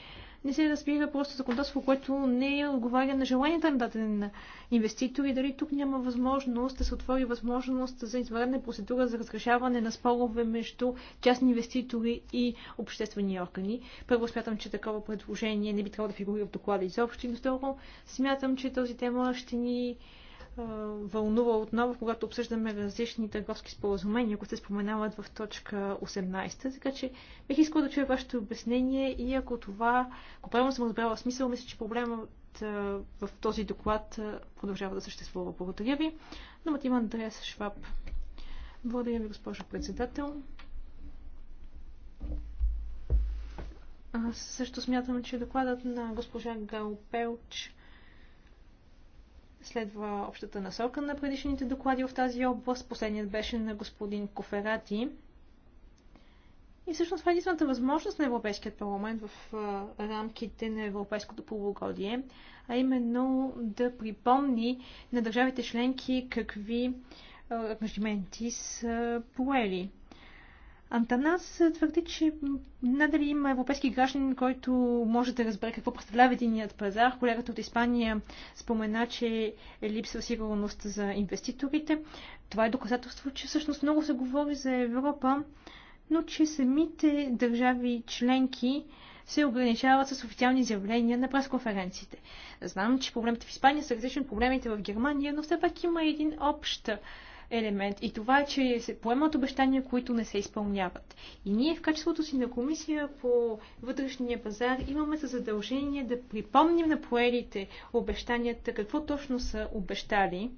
не се разбира просто законодателство, което не е отговаря на желанията на даден инвеститор и дали тук няма възможност да се отвори възможност за извънредна процедура за разрешаване на спорове между частни инвеститори и обществени органи. Първо смятам, че такова предложение не би трябвало да фигурира в доклада изобщо, но второ смятам, че този тема ще ни вълнува отново, когато обсъждаме различни търговски споразумения, които се споменават в точка 18. Така че бих искал да чуя вашето обяснение и ако това, ако правилно съм разбрала смисъл, мисля, че проблемът в този доклад продължава да съществува. Благодаря ви. Думата има Андреас Шваб. Благодаря ви, госпожо председател. Аз също смятам, че докладът на госпожа Галпелч следва общата насока на предишните доклади в тази област. Последният беше на господин Коферати. И всъщност това е единствената възможност на Европейският парламент в рамките на Европейското полугодие, а именно да припомни на държавите членки какви ангажименти са поели. Антанас твърди, че надали има европейски гражданин, който може да разбере какво представлява единият пазар. Колегата от Испания спомена, че е липсва сигурност за инвеститорите. Това е доказателство, че всъщност много се говори за Европа, но че самите държави членки се ограничават с официални изявления на пресконференциите. Знам, че проблемите в Испания са различни от проблемите в Германия, но все пак има един общ елемент и това е, че се поемат обещания, които не се изпълняват. И ние в качеството си на комисия по вътрешния пазар имаме за задължение да припомним на поелите обещанията, какво точно са обещали,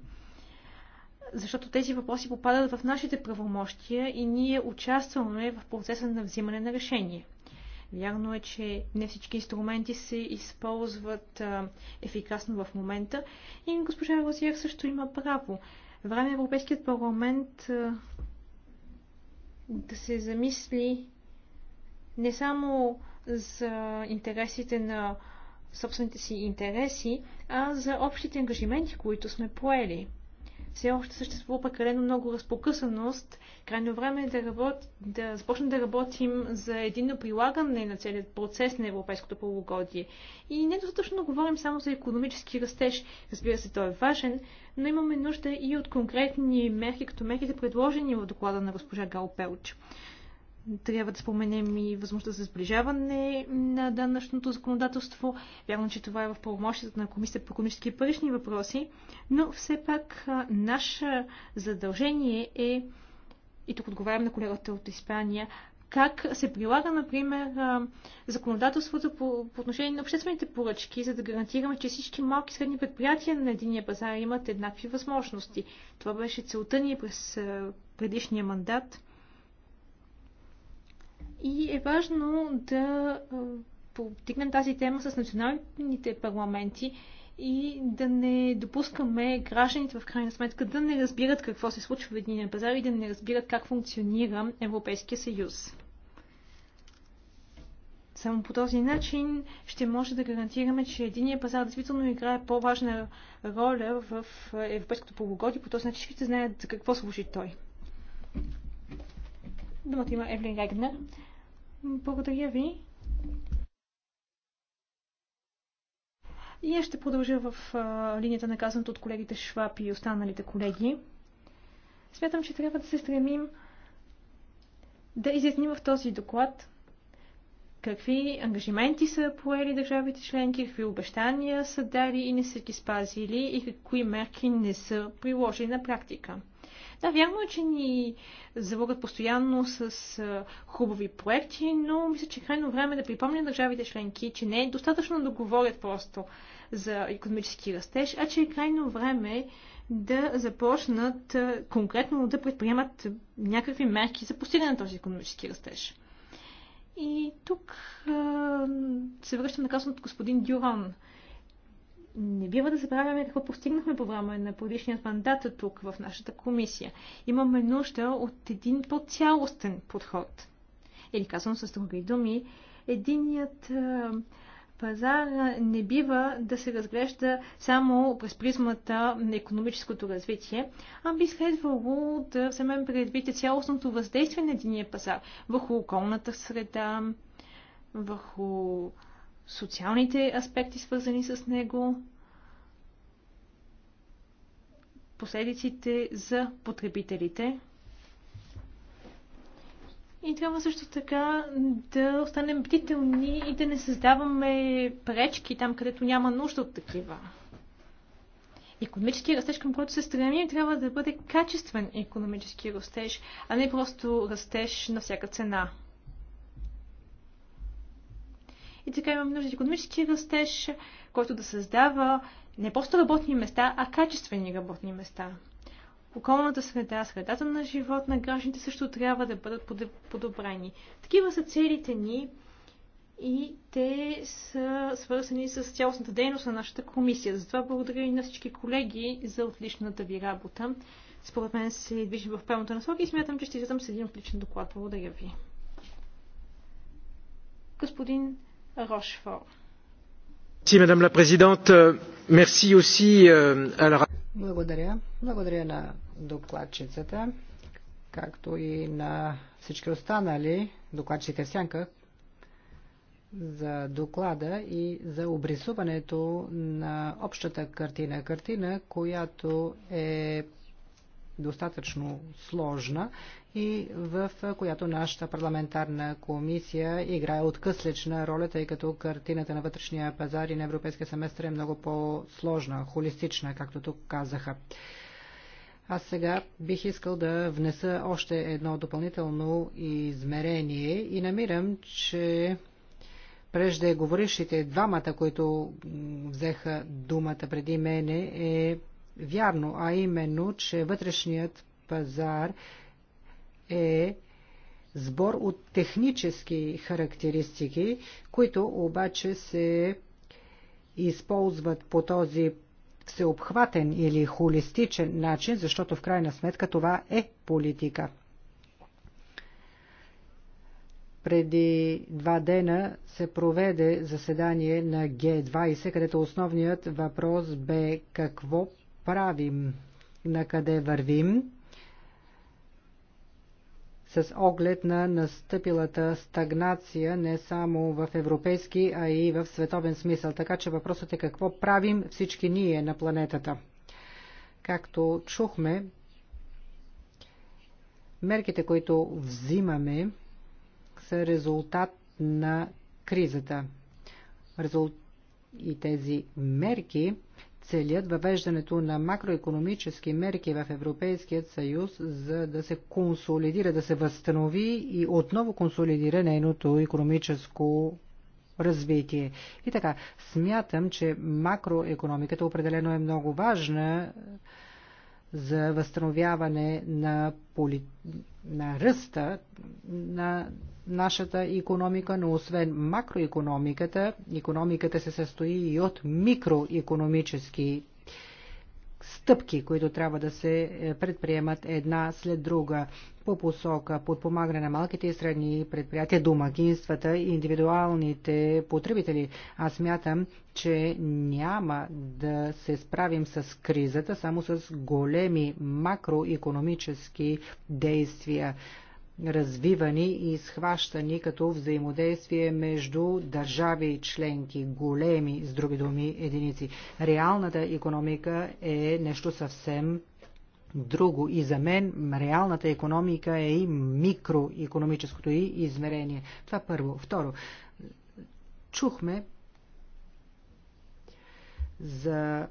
защото тези въпроси попадат в нашите правомощия и ние участваме в процеса на взимане на решение. Вярно е, че не всички инструменти се използват а, ефикасно в момента и госпожа Розиер също има право. Време е Европейският парламент да се замисли не само за интересите на собствените си интереси, а за общите ангажименти, които сме поели – все още съществува прекалено много разпокъсаност. Крайно време е да, работ... да започнем да работим за единно прилагане на целият процес на европейското полугодие. И недостатъчно говорим само за економически растеж. Разбира се, той е важен, но имаме нужда и от конкретни мерки, като мерките предложени в доклада на госпожа Галпелч. Трябва да споменем и възможността за сближаване на данъчното законодателство. Вярно, че това е в правомощията на Комисията по економически и парични въпроси, но все пак наше задължение е, и тук отговарям на колегата от Испания, как се прилага, например, законодателството по, по отношение на обществените поръчки, за да гарантираме, че всички малки и средни предприятия на единия пазар имат еднакви възможности. Това беше целта ни през предишния мандат. И е важно да повдигнем тази тема с националните парламенти и да не допускаме гражданите в крайна сметка да не разбират какво се случва в единия пазар и да не разбират как функционира Европейския съюз. Само по този начин ще може да гарантираме, че единия пазар действително играе по-важна роля в европейското полугодие. По този начин всичките знаят за какво служи той. Думата има Евлин Регнер. Благодаря ви. И аз ще продължа в а, линията на казаното от колегите Шваб и останалите колеги. Смятам, че трябва да се стремим да изясним в този доклад какви ангажименти са поели държавите членки, какви обещания са дали и не са ги спазили и какви мерки не са приложени на практика. Да, вярно е, че ни залъгат постоянно с хубави проекти, но мисля, че е крайно време да припомня държавите членки, че не е достатъчно да говорят просто за економически растеж, а че е крайно време да започнат конкретно да предприемат някакви мерки за постигане на този економически растеж. И тук се връщам на от господин Дюран не бива да забравяме какво постигнахме по време на предишният мандат тук в нашата комисия. Имаме нужда от един по-цялостен подход. Или казвам с други думи, единият пазар не бива да се разглежда само през призмата на економическото развитие, а би следвало да вземем предвид цялостното въздействие на единия пазар върху околната среда, върху социалните аспекти, свързани с него, последиците за потребителите. И трябва също така да останем бдителни и да не създаваме пречки там, където няма нужда от такива. Економически растеж, към който се стремим, трябва да бъде качествен економически растеж, а не просто растеж на всяка цена. И така имаме нужда от економически растеж, който да създава не просто работни места, а качествени работни места. Околната среда, средата на живот на гражданите също трябва да бъдат подобрени. Такива са целите ни и те са свързани с цялостната дейност на нашата комисия. Затова благодаря и на всички колеги за отличната ви работа. Според мен се движим в правилната насока и смятам, че ще излезам с един отличен доклад. Благодаря ви. Господин Рошфор. Euh, Благодаря. Благодаря на докладчицата, както и на всички останали докладчика сянка за доклада и за обрисуването на общата картина. Картина, която е достатъчно сложна и в която нашата парламентарна комисия играе откъслична роля, тъй като картината на вътрешния пазар и на европейския семестър е много по-сложна, холистична, както тук казаха. Аз сега бих искал да внеса още едно допълнително измерение и намирам, че преждеговорившите двамата, които взеха думата преди мене, е вярно, а именно, че вътрешният пазар е сбор от технически характеристики, които обаче се използват по този всеобхватен или холистичен начин, защото в крайна сметка това е политика. Преди два дена се проведе заседание на Г20, където основният въпрос бе какво правим, на къде вървим с оглед на настъпилата стагнация не само в европейски, а и в световен смисъл. Така че въпросът е какво правим всички ние на планетата. Както чухме, мерките, които взимаме, са резултат на кризата. Резул... и тези мерки целят въвеждането на макроекономически мерки в Европейският съюз, за да се консолидира, да се възстанови и отново консолидира нейното економическо развитие. И така, смятам, че макроекономиката определено е много важна за възстановяване на, поли... на ръста на нашата економика, но освен макроекономиката, економиката се състои и от микроекономически стъпки, които трябва да се е, предприемат една след друга по посока подпомагане на малките и средни предприятия, домакинствата и индивидуалните потребители. Аз мятам, че няма да се справим с кризата само с големи макроекономически действия развивани и схващани като взаимодействие между държави и членки, големи, с други думи, единици. Реалната економика е нещо съвсем друго. И за мен реалната економика е и микроекономическото и измерение. Това първо. Второ, чухме за...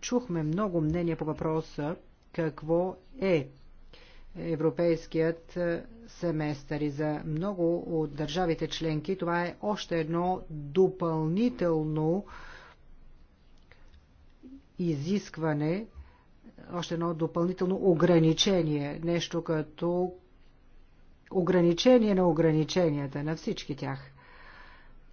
Чухме много мнения по въпроса какво е европейският е, семестър. И за много от държавите членки това е още едно допълнително изискване, още едно допълнително ограничение, нещо като ограничение на ограниченията на всички тях.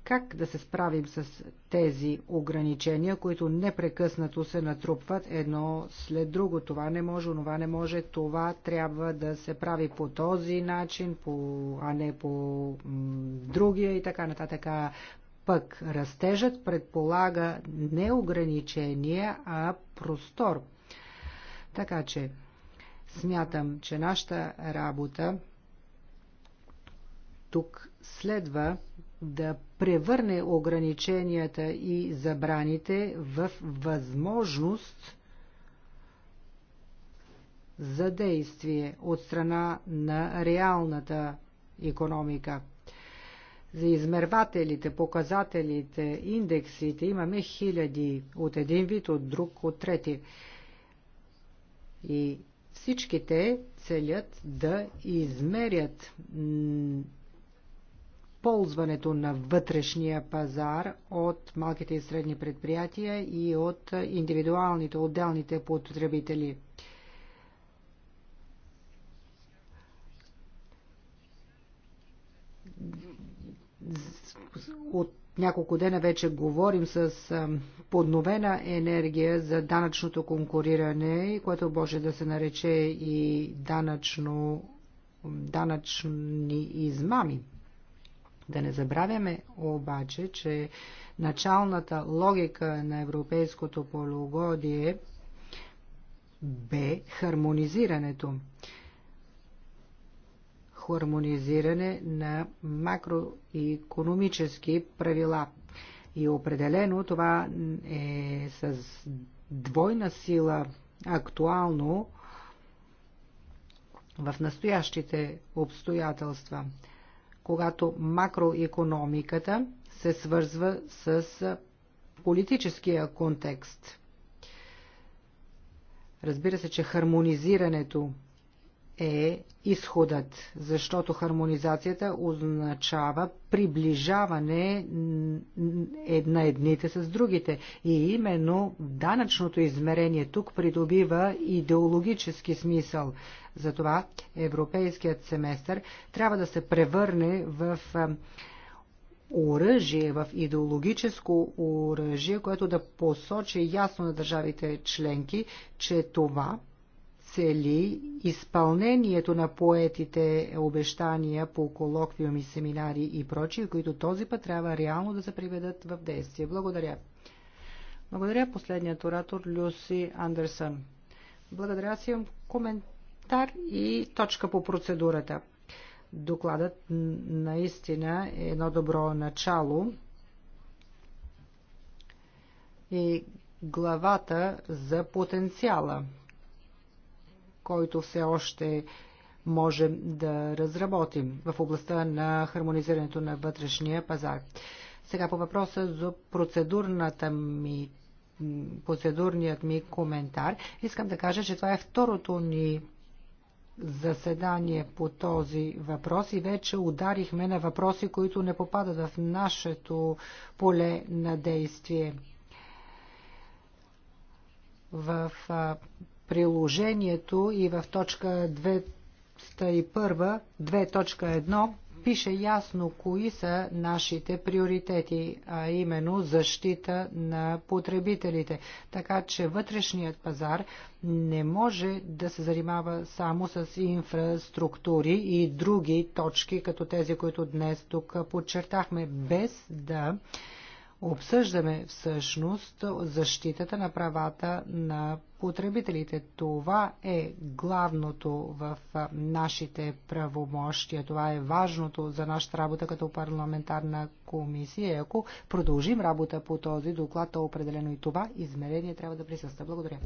Как да се справим с тези ограничения, които непрекъснато се натрупват едно след друго? Това не може, това не може, това трябва да се прави по този начин, по, а не по другия и така нататък. Пък растежът предполага не ограничения, а простор. Така че смятам, че нашата работа тук следва да превърне ограниченията и забраните в възможност за действие от страна на реалната економика. За измервателите, показателите, индексите имаме хиляди от един вид, от друг, от трети. И всичките целят да измерят ползването на вътрешния пазар от малките и средни предприятия и от индивидуалните, отделните потребители. От няколко дена вече говорим с подновена енергия за данъчното конкуриране, което може да се нарече и данъчно, данъчни измами. Да не забравяме обаче, че началната логика на европейското полугодие бе хармонизирането. Хармонизиране на макроекономически правила. И определено това е с двойна сила актуално в настоящите обстоятелства когато макроекономиката се свързва с политическия контекст. Разбира се, че хармонизирането е изходът, защото хармонизацията означава приближаване на едните с другите. И именно данъчното измерение тук придобива идеологически смисъл. Затова европейският семестър трябва да се превърне в оръжие, в идеологическо оръжие, което да посочи ясно на държавите членки, че това цели изпълнението на поетите обещания по колоквиуми, семинари и прочие, които този път трябва реално да се приведат в действие. Благодаря. Благодаря последният оратор Люси Андерсън. Благодаря си имам коментар и точка по процедурата. Докладът наистина е едно добро начало и главата за потенциала който все още можем да разработим в областта на хармонизирането на вътрешния пазар. Сега по въпроса за процедурната ми процедурният ми коментар. Искам да кажа, че това е второто ни заседание по този въпрос и вече ударихме на въпроси, които не попадат в нашето поле на действие. В приложението и в точка 201, 2.1 пише ясно кои са нашите приоритети, а именно защита на потребителите. Така че вътрешният пазар не може да се занимава само с инфраструктури и други точки, като тези, които днес тук подчертахме, без да обсъждаме всъщност защитата на правата на потребителите. Това е главното в нашите правомощия. Това е важното за нашата работа като парламентарна комисия. Ако продължим работа по този доклад, то определено и това измерение трябва да присъства. Благодаря.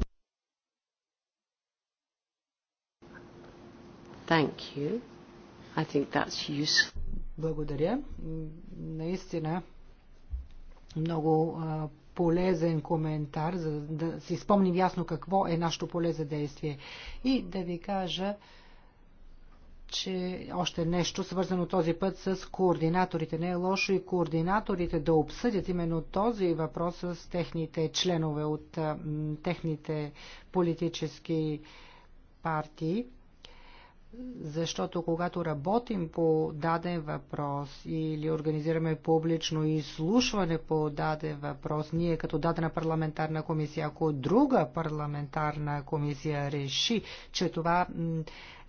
Thank you. I think that's useful. Благодаря. Наистина много полезен коментар, за да си спомним ясно какво е нашето поле за действие. И да ви кажа, че още нещо свързано този път с координаторите. Не е лошо и координаторите да обсъдят именно този въпрос с техните членове от техните политически партии защото когато работим по даден въпрос или организираме публично изслушване по даден въпрос, ние като дадена парламентарна комисия, ако друга парламентарна комисия реши, че това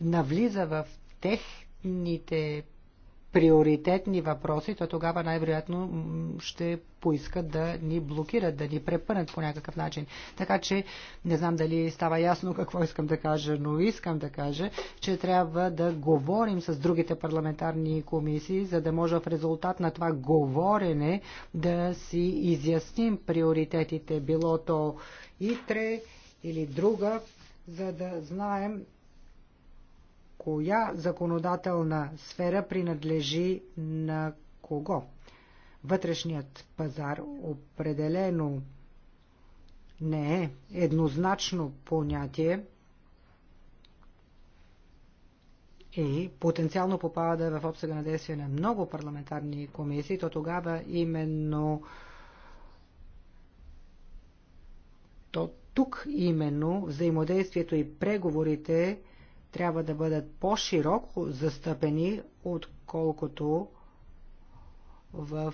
навлиза в техните приоритетни въпроси, то тогава най-вероятно ще поискат да ни блокират, да ни препънат по някакъв начин. Така че не знам дали става ясно какво искам да кажа, но искам да кажа, че трябва да говорим с другите парламентарни комисии, за да може в резултат на това говорене да си изясним приоритетите, било то ИТРЕ или друга, за да знаем коя законодателна сфера принадлежи на кого. Вътрешният пазар определено не е еднозначно понятие и потенциално попада в обсега на действие на много парламентарни комисии, то тогава именно то тук именно взаимодействието и преговорите трябва да бъдат по-широко застъпени, отколкото в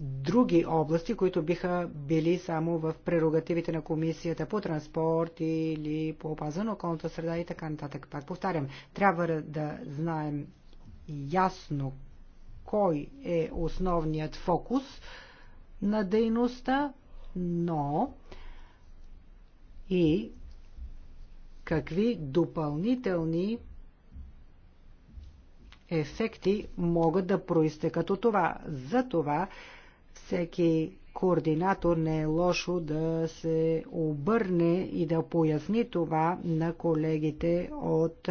други области, които биха били само в прерогативите на комисията по транспорт или по опазване на околната среда и така нататък. Пак повтарям, трябва да знаем ясно кой е основният фокус на дейността, но и какви допълнителни ефекти могат да проистекат от това. За това всеки координатор не е лошо да се обърне и да поясни това на колегите от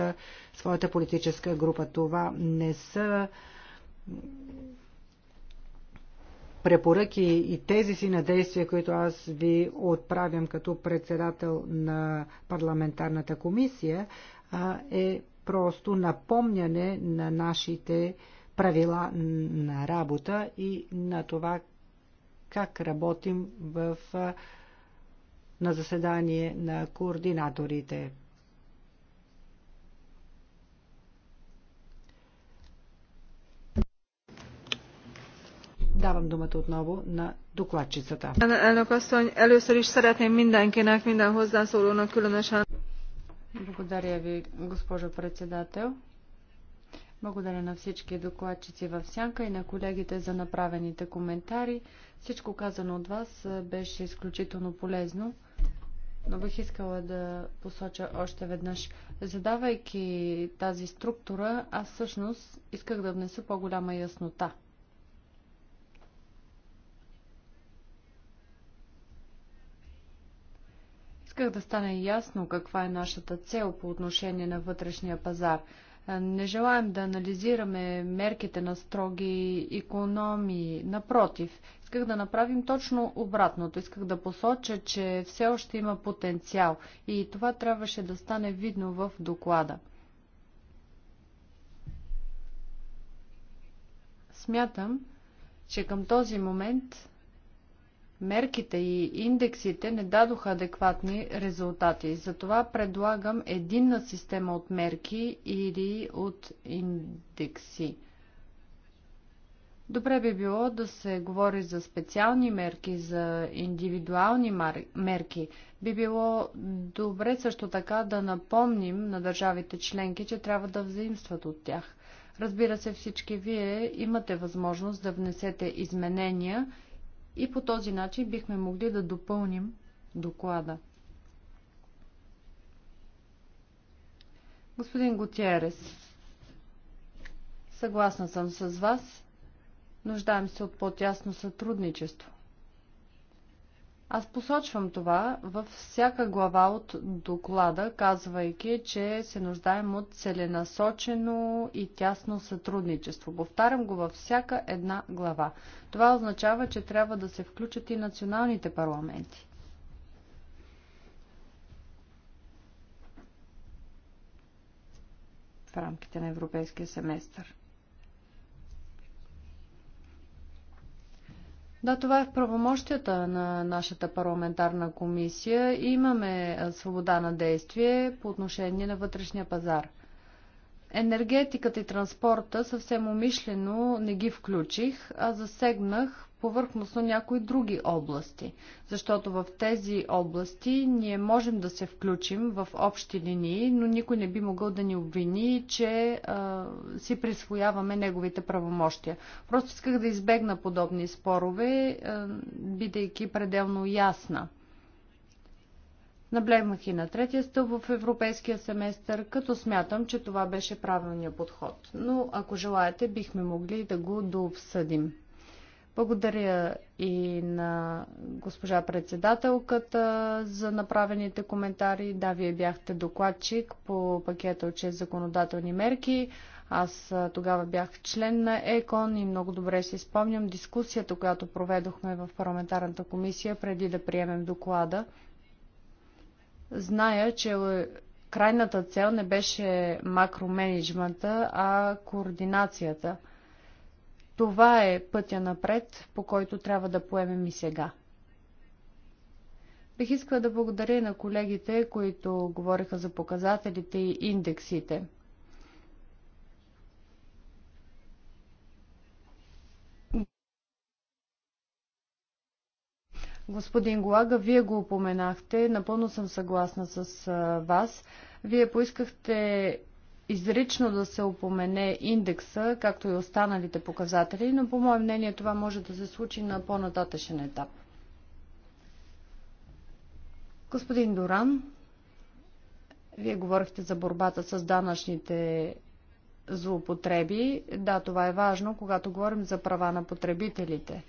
своята политическа група. Това не са препоръки и тези си на действия, които аз ви отправям като председател на парламентарната комисия, е просто напомняне на нашите правила на работа и на това как работим в, на заседание на координаторите. Давам думата отново на докладчицата. Elnök asszony, először is szeretném mindenkinek, minden hozzászólónak különösen благодаря ви, госпожо председател. Благодаря на всички докладчици в Сянка и на колегите за направените коментари. Всичко казано от вас беше изключително полезно, но бих искала да посоча още веднъж. Задавайки тази структура, аз всъщност исках да внеса по-голяма яснота – Исках да стане ясно каква е нашата цел по отношение на вътрешния пазар. Не желаем да анализираме мерките на строги економии. Напротив, исках да направим точно обратното. Исках да посоча, че все още има потенциал и това трябваше да стане видно в доклада. Смятам, че към този момент мерките и индексите не дадоха адекватни резултати. Затова предлагам единна система от мерки или от индекси. Добре би било да се говори за специални мерки, за индивидуални мерки. Би било добре също така да напомним на държавите членки, че трябва да взаимстват от тях. Разбира се, всички вие имате възможност да внесете изменения и по този начин бихме могли да допълним доклада. Господин Готиерес, съгласна съм с вас. Нуждаем се от по-тясно сътрудничество. Аз посочвам това във всяка глава от доклада, казвайки, че се нуждаем от целенасочено и тясно сътрудничество. Повтарям го във всяка една глава. Това означава, че трябва да се включат и националните парламенти. в рамките на европейския семестър. Да, това е в правомощията на нашата парламентарна комисия. Имаме свобода на действие по отношение на вътрешния пазар. Енергетиката и транспорта съвсем умишлено не ги включих, а засегнах повърхностно някои други области, защото в тези области ние можем да се включим в общи линии, но никой не би могъл да ни обвини, че а, си присвояваме неговите правомощия. Просто исках да избегна подобни спорове, а, бидейки пределно ясна. Наблегнах и на третия стълб в европейския семестър, като смятам, че това беше правилният подход. Но ако желаете, бихме могли да го дообсъдим. Благодаря и на госпожа председателката за направените коментари. Да, вие бяхте докладчик по пакета от 6 законодателни мерки. Аз тогава бях член на ЕКОН и много добре си спомням дискусията, която проведохме в парламентарната комисия преди да приемем доклада. Зная, че е, крайната цел не беше макроменеджмента, а координацията – това е пътя напред, по който трябва да поемем и сега. Бих искала да благодаря на колегите, които говориха за показателите и индексите. Господин Голага, вие го упоменахте, напълно съм съгласна с вас. Вие поискахте изрично да се опомене индекса, както и останалите показатели, но по мое мнение това може да се случи на по-нататъчен етап. Господин Доран, вие говорихте за борбата с данъчните злоупотреби. Да, това е важно, когато говорим за права на потребителите.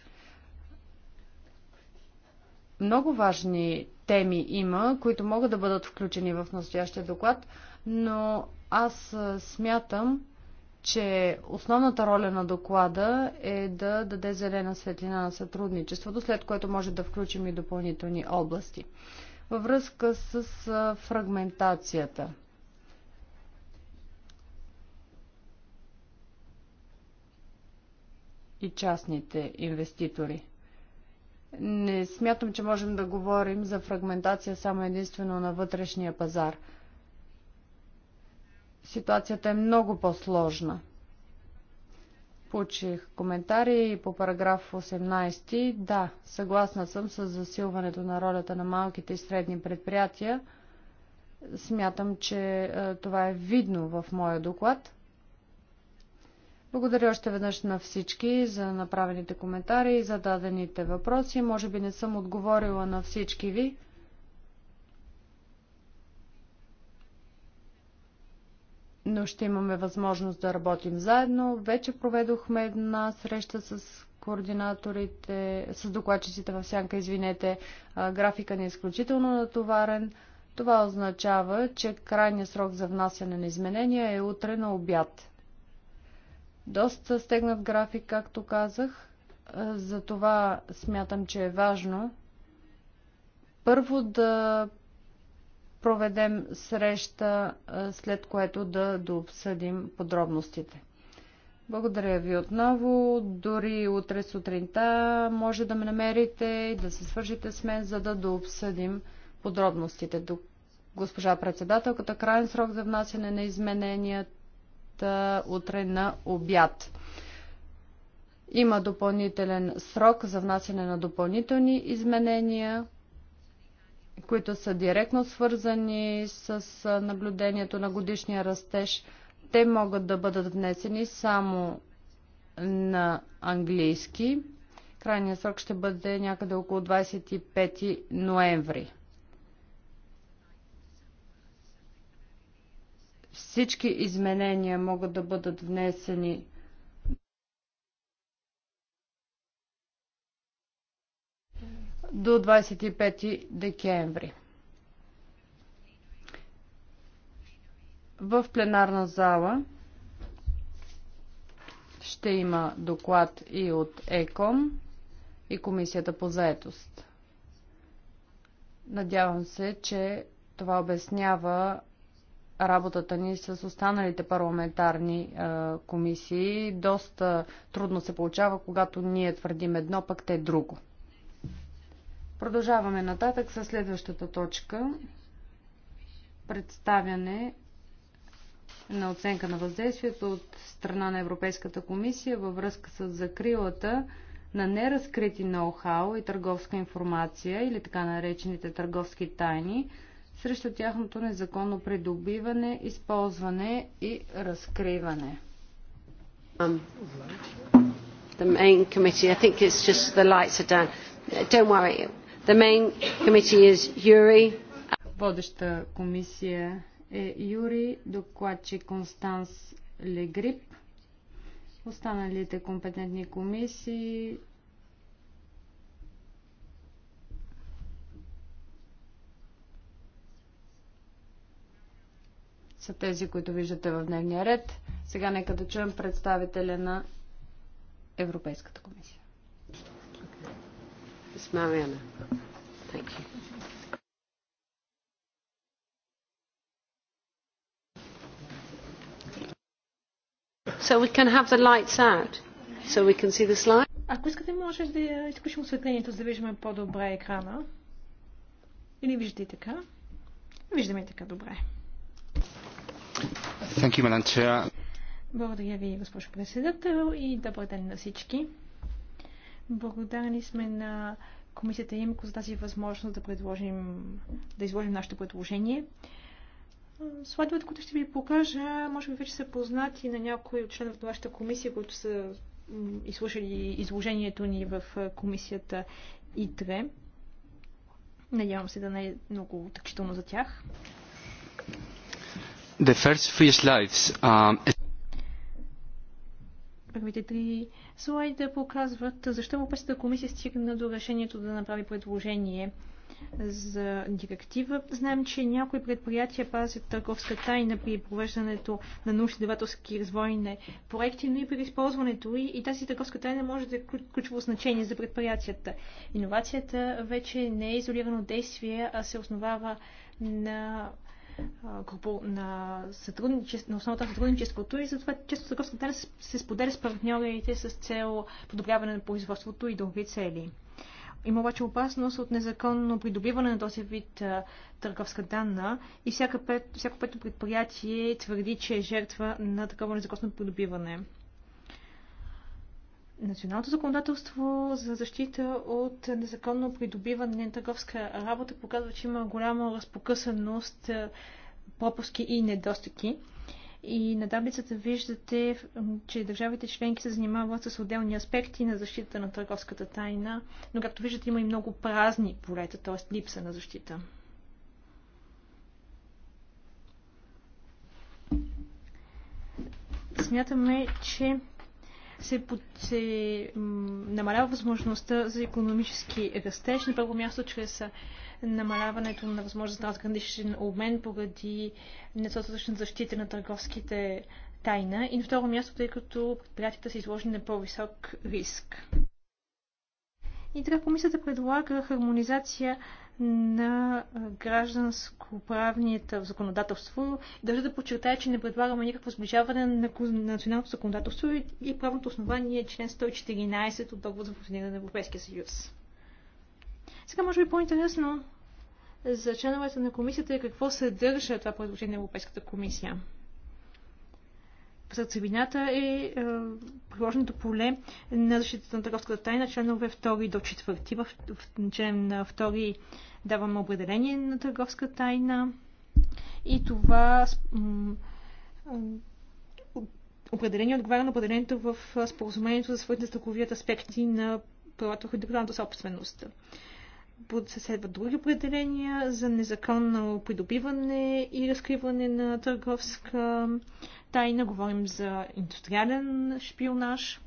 Много важни теми има, които могат да бъдат включени в настоящия доклад, но аз смятам, че основната роля на доклада е да даде зелена светлина на сътрудничеството, след което може да включим и допълнителни области. Във връзка с фрагментацията. и частните инвеститори. Не смятам, че можем да говорим за фрагментация само единствено на вътрешния пазар – ситуацията е много по-сложна. Получих коментари и по параграф 18. Да, съгласна съм с засилването на ролята на малките и средни предприятия. Смятам, че е, това е видно в моя доклад. Благодаря още веднъж на всички за направените коментари и зададените въпроси. Може би не съм отговорила на всички ви. но ще имаме възможност да работим заедно. Вече проведохме една среща с координаторите, с докладчиците в сянка, извинете, графика ни е изключително натоварен. Това означава, че крайният срок за внасяне на изменения е утре на обяд. Доста стегнат график, както казах. Затова смятам, че е важно първо да проведем среща, след което да дообсъдим подробностите. Благодаря ви отново. Дори утре сутринта може да ме намерите и да се свържите с мен, за да дообсъдим подробностите. Госпожа председателката, крайен срок за внасяне на измененията утре на обяд. Има допълнителен срок за внасяне на допълнителни изменения които са директно свързани с наблюдението на годишния растеж, те могат да бъдат внесени само на английски. Крайният срок ще бъде някъде около 25 ноември. Всички изменения могат да бъдат внесени до 25 декември. В пленарна зала ще има доклад и от ЕКОН и Комисията по заетост. Надявам се, че това обяснява работата ни с останалите парламентарни е, комисии. Доста трудно се получава, когато ние твърдим едно, пък те друго. Продължаваме нататък със следващата точка. Представяне на оценка на въздействието от страна на Европейската комисия във връзка с закрилата на неразкрити ноу-хау и търговска информация или така наречените търговски тайни срещу тяхното незаконно придобиване, използване и разкриване. Um, the main committee, I think it's just the lights are down. Don't worry, The main committee is Yuri. Водеща комисия е Юри, докладчик Констанс Легрип. Останалите компетентни комисии са тези, които виждате в дневния ред. Сега нека да чуем представителя на Европейската комисия. Ms. Mariana. Thank you. So we can have the lights out, so we can see the slide. Ако искате, може да изключим осветлението, за да виждаме по-добре екрана. Или виждате така? Виждаме така добре. Thank you, Благодаря ви, госпожо председател, и добър ден на всички. Благодарни сме на комисията ИМКО за тази възможност да предложим, да изложим нашето предложение. Слайдовете, които ще ви покажа, може би вече са познати на някои от членовете на нашата комисия, които са изслушали изложението ни в комисията ИТРЕ. Надявам се да не е много тъкчително за тях. The first three slides, um... Първите три Слайда показват защо Европейската комисия стигна до решението да направи предложение за директива. Знаем, че някои предприятия пазят търговска тайна при провеждането на научно-девателски развойни проекти, но и при използването и, и тази търговска тайна може да е ключово значение за предприятията. Иновацията вече не е изолирано действие, а се основава на на, на основата на сътрудничеството и затова често търговската тайна се споделя с партньорите с цел подобряване на производството и други цели. Има обаче опасност от незаконно придобиване на този вид а, търговска данна и всяка пет, всяко пето предприятие твърди, че е жертва на такова незаконно придобиване. Националното законодателство за защита от незаконно придобиване на търговска работа показва, че има голяма разпокъсаност, е, пропуски и недостиги. И на таблицата виждате, че държавите членки се занимават с отделни аспекти на защита на търговската тайна, но както виждате има и много празни полета, т.е. липса на защита. Смятаме, че се, се намалява възможността за економически растеж. На първо място, чрез намаляването на възможност за трансграничен обмен поради недостатъчна защита на търговските тайна. И на второ място, тъй като предприятията са изложени на по-висок риск. И така комисията предлага хармонизация на гражданско-правният законодателство. Държа да подчертая, че не предлагаме никакво сближаване на националното законодателство и правното основание е член 114 от договор за функциониране на Европейския съюз. Сега може би по-интересно за членовете на комисията и е какво съдържа това предложение на Европейската комисия сърцевината е, е приложеното поле на защитата на търговската тайна, членове 2 до 4. В, в член 2 даваме определение на търговска тайна и това определение отговаря на определението в споразумението за своите стъковият аспекти на правата върху интелектуалната собственост се следват други определения за незаконно придобиване и разкриване на търговска тайна. Говорим за индустриален шпионаж.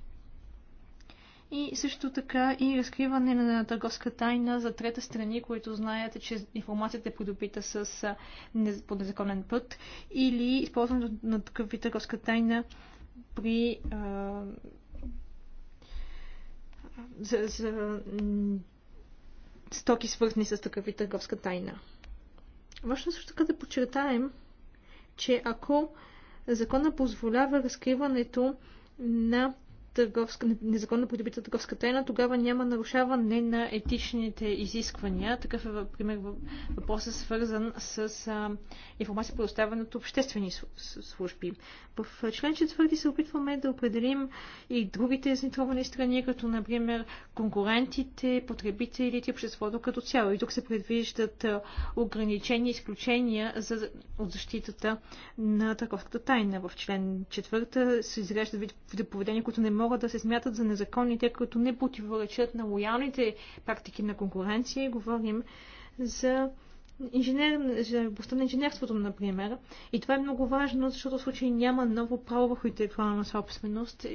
И също така и разкриване на търговска тайна за трета страни, които знаят, че информацията е придобита с, по незаконен път или използването на такъв вид търговска тайна при а, за, за стоки, свързани с такъв и търговска тайна. Важно също така да подчертаем, че ако закона позволява разкриването на търговска, незаконно придобита търговска тайна, тогава няма нарушаване на етичните изисквания. Такъв е, например, въпросът свързан с а, информация, предоставена от обществени служби. В член 4 се опитваме да определим и другите заинтересовани страни, като, например, конкурентите, потребителите, обществото като цяло. И тук се предвиждат ограничени изключения за, от защитата на търговската тайна. В член 4 се изрежда вид поведение, които не могат да се смятат за незаконни, тъй като не противоречат на лоялните практики на конкуренция. говорим за инженер, за областта на инженерството, например. И това е много важно, защото в случай няма ново право върху интелектуална собственост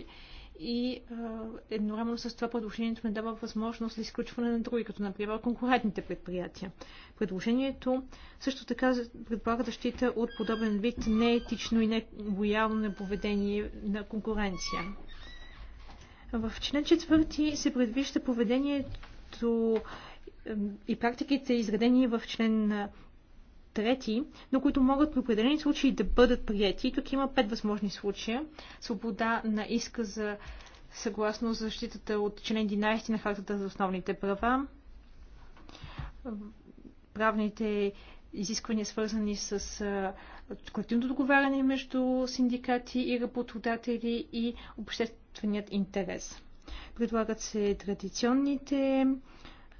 и а, едновременно с това предложението не дава възможност за изключване на други, като например конкурентните предприятия. Предложението също така предполага защита от подобен вид неетично и нелоялно поведение на конкуренция. В член 4 се предвижда поведението и практиките, изградени в член е, трети, но които могат при определени случаи да бъдат прияти. Тук има пет възможни случая. Свобода на иска за съгласно защитата от член 11 на Хартата за основните права, правните изисквания, свързани с е, колективното договаряне между синдикати и работодатели и общественият интерес. Предлагат се традиционните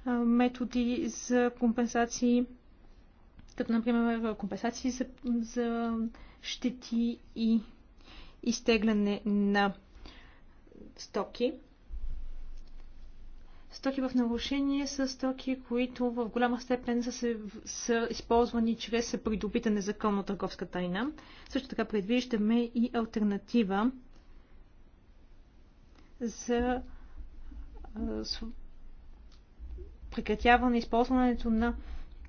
методи за компенсации, като например компенсации за, за щети и изтегляне на стоки стоки в нарушение са стоки, които в голяма степен са, се, са използвани чрез придобита незаконно търговска тайна. Също така предвиждаме и альтернатива за прекратяване използването на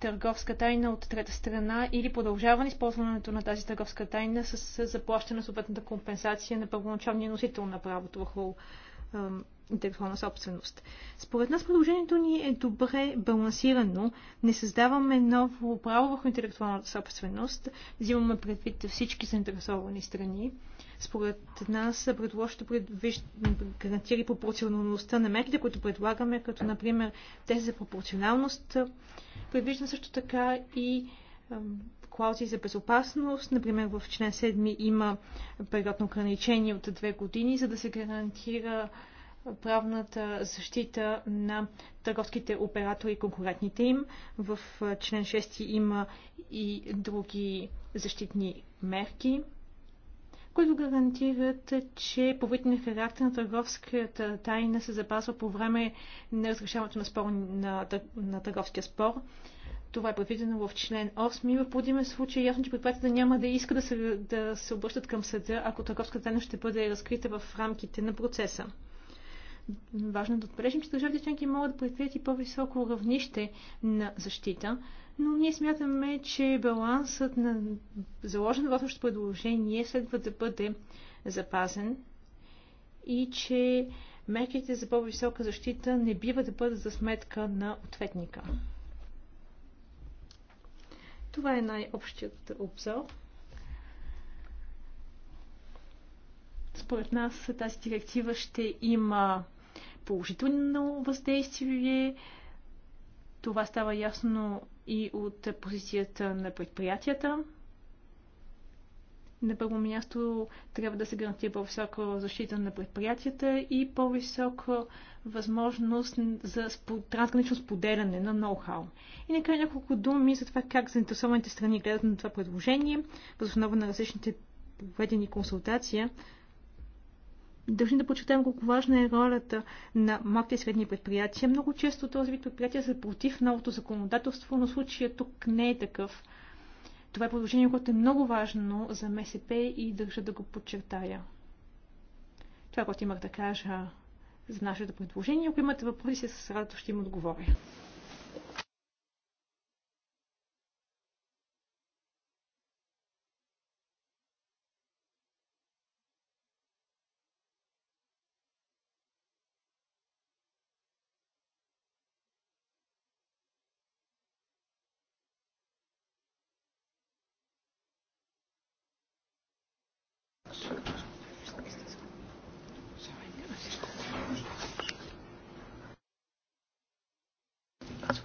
търговска тайна от трета страна или продължаване използването на тази търговска тайна с заплащане на съответната компенсация на първоначалния носител на правото върху интелектуална собственост. Според нас предложението ни е добре балансирано. Не създаваме ново право върху интелектуалната собственост. Взимаме предвид всички заинтересовани страни. Според нас предложението гарантира пропорционалността на мерките, които предлагаме, като например тези за пропорционалност. Предвижда също така и клаузи за безопасност. Например, в член 7 има период на ограничение от 2 години, за да се гарантира правната защита на търговските оператори и конкурентните им. В член 6 има и други защитни мерки, които гарантират, че повитният характер на търговската тайна се запазва по време на разрешаването на, спор, на, на търговския спор. Това е предвидено в член 8. В подиме случай ясно, че предприятията няма да иска да се, да се обръщат към съда, ако търговската тайна ще бъде разкрита в рамките на процеса. Важно да отбележим, че държавите членки могат да предприят и по-високо равнище на защита, но ние смятаме, че балансът на заложен в нашето предложение следва да бъде запазен и че мерките за по-висока защита не бива да бъдат за сметка на ответника. Това е най-общият обзор. Според нас тази директива ще има положително въздействие. Това става ясно и от позицията на предприятията. На първо място трябва да се гарантира по-висока защита на предприятията и по-висока възможност за трансгранично споделяне на ноу-хау. И нека няколко думи за това как заинтересованите страни гледат на това предложение, възоснова на различните проведени консултации, Държим да почетем колко важна е ролята на малките и средни предприятия. Много често този вид предприятия са против новото законодателство, но случая тук не е такъв. Това е предложение, което е много важно за МСП и държа да го подчертая. Това, което имах да кажа за нашето предложение. Ако имате въпроси, с радост ще им отговоря.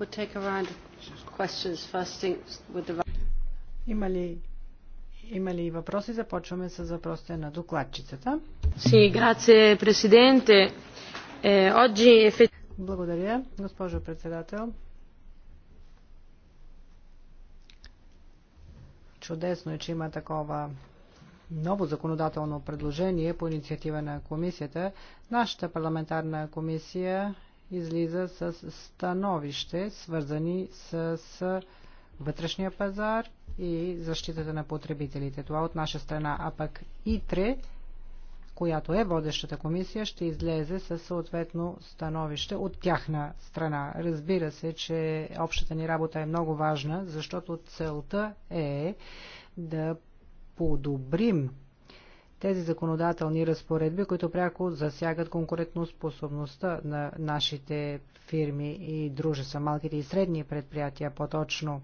We'll take a round of questions first with the... Има ли има ли въпроси? Започваме с въпросите на докладчицата. Си, грация, президенте. Оджи Благодаря, госпожо председател. Чудесно е, че има такова ново законодателно предложение по инициатива на комисията. Нашата парламентарна комисия излиза с становище, свързани с вътрешния пазар и защитата на потребителите. Това от наша страна, а пък ИТРЕ, която е водещата комисия, ще излезе със съответно становище от тяхна страна. Разбира се, че общата ни работа е много важна, защото целта е да подобрим тези законодателни разпоредби, които пряко засягат конкурентоспособността на нашите фирми и дружества, малките и средни предприятия по-точно.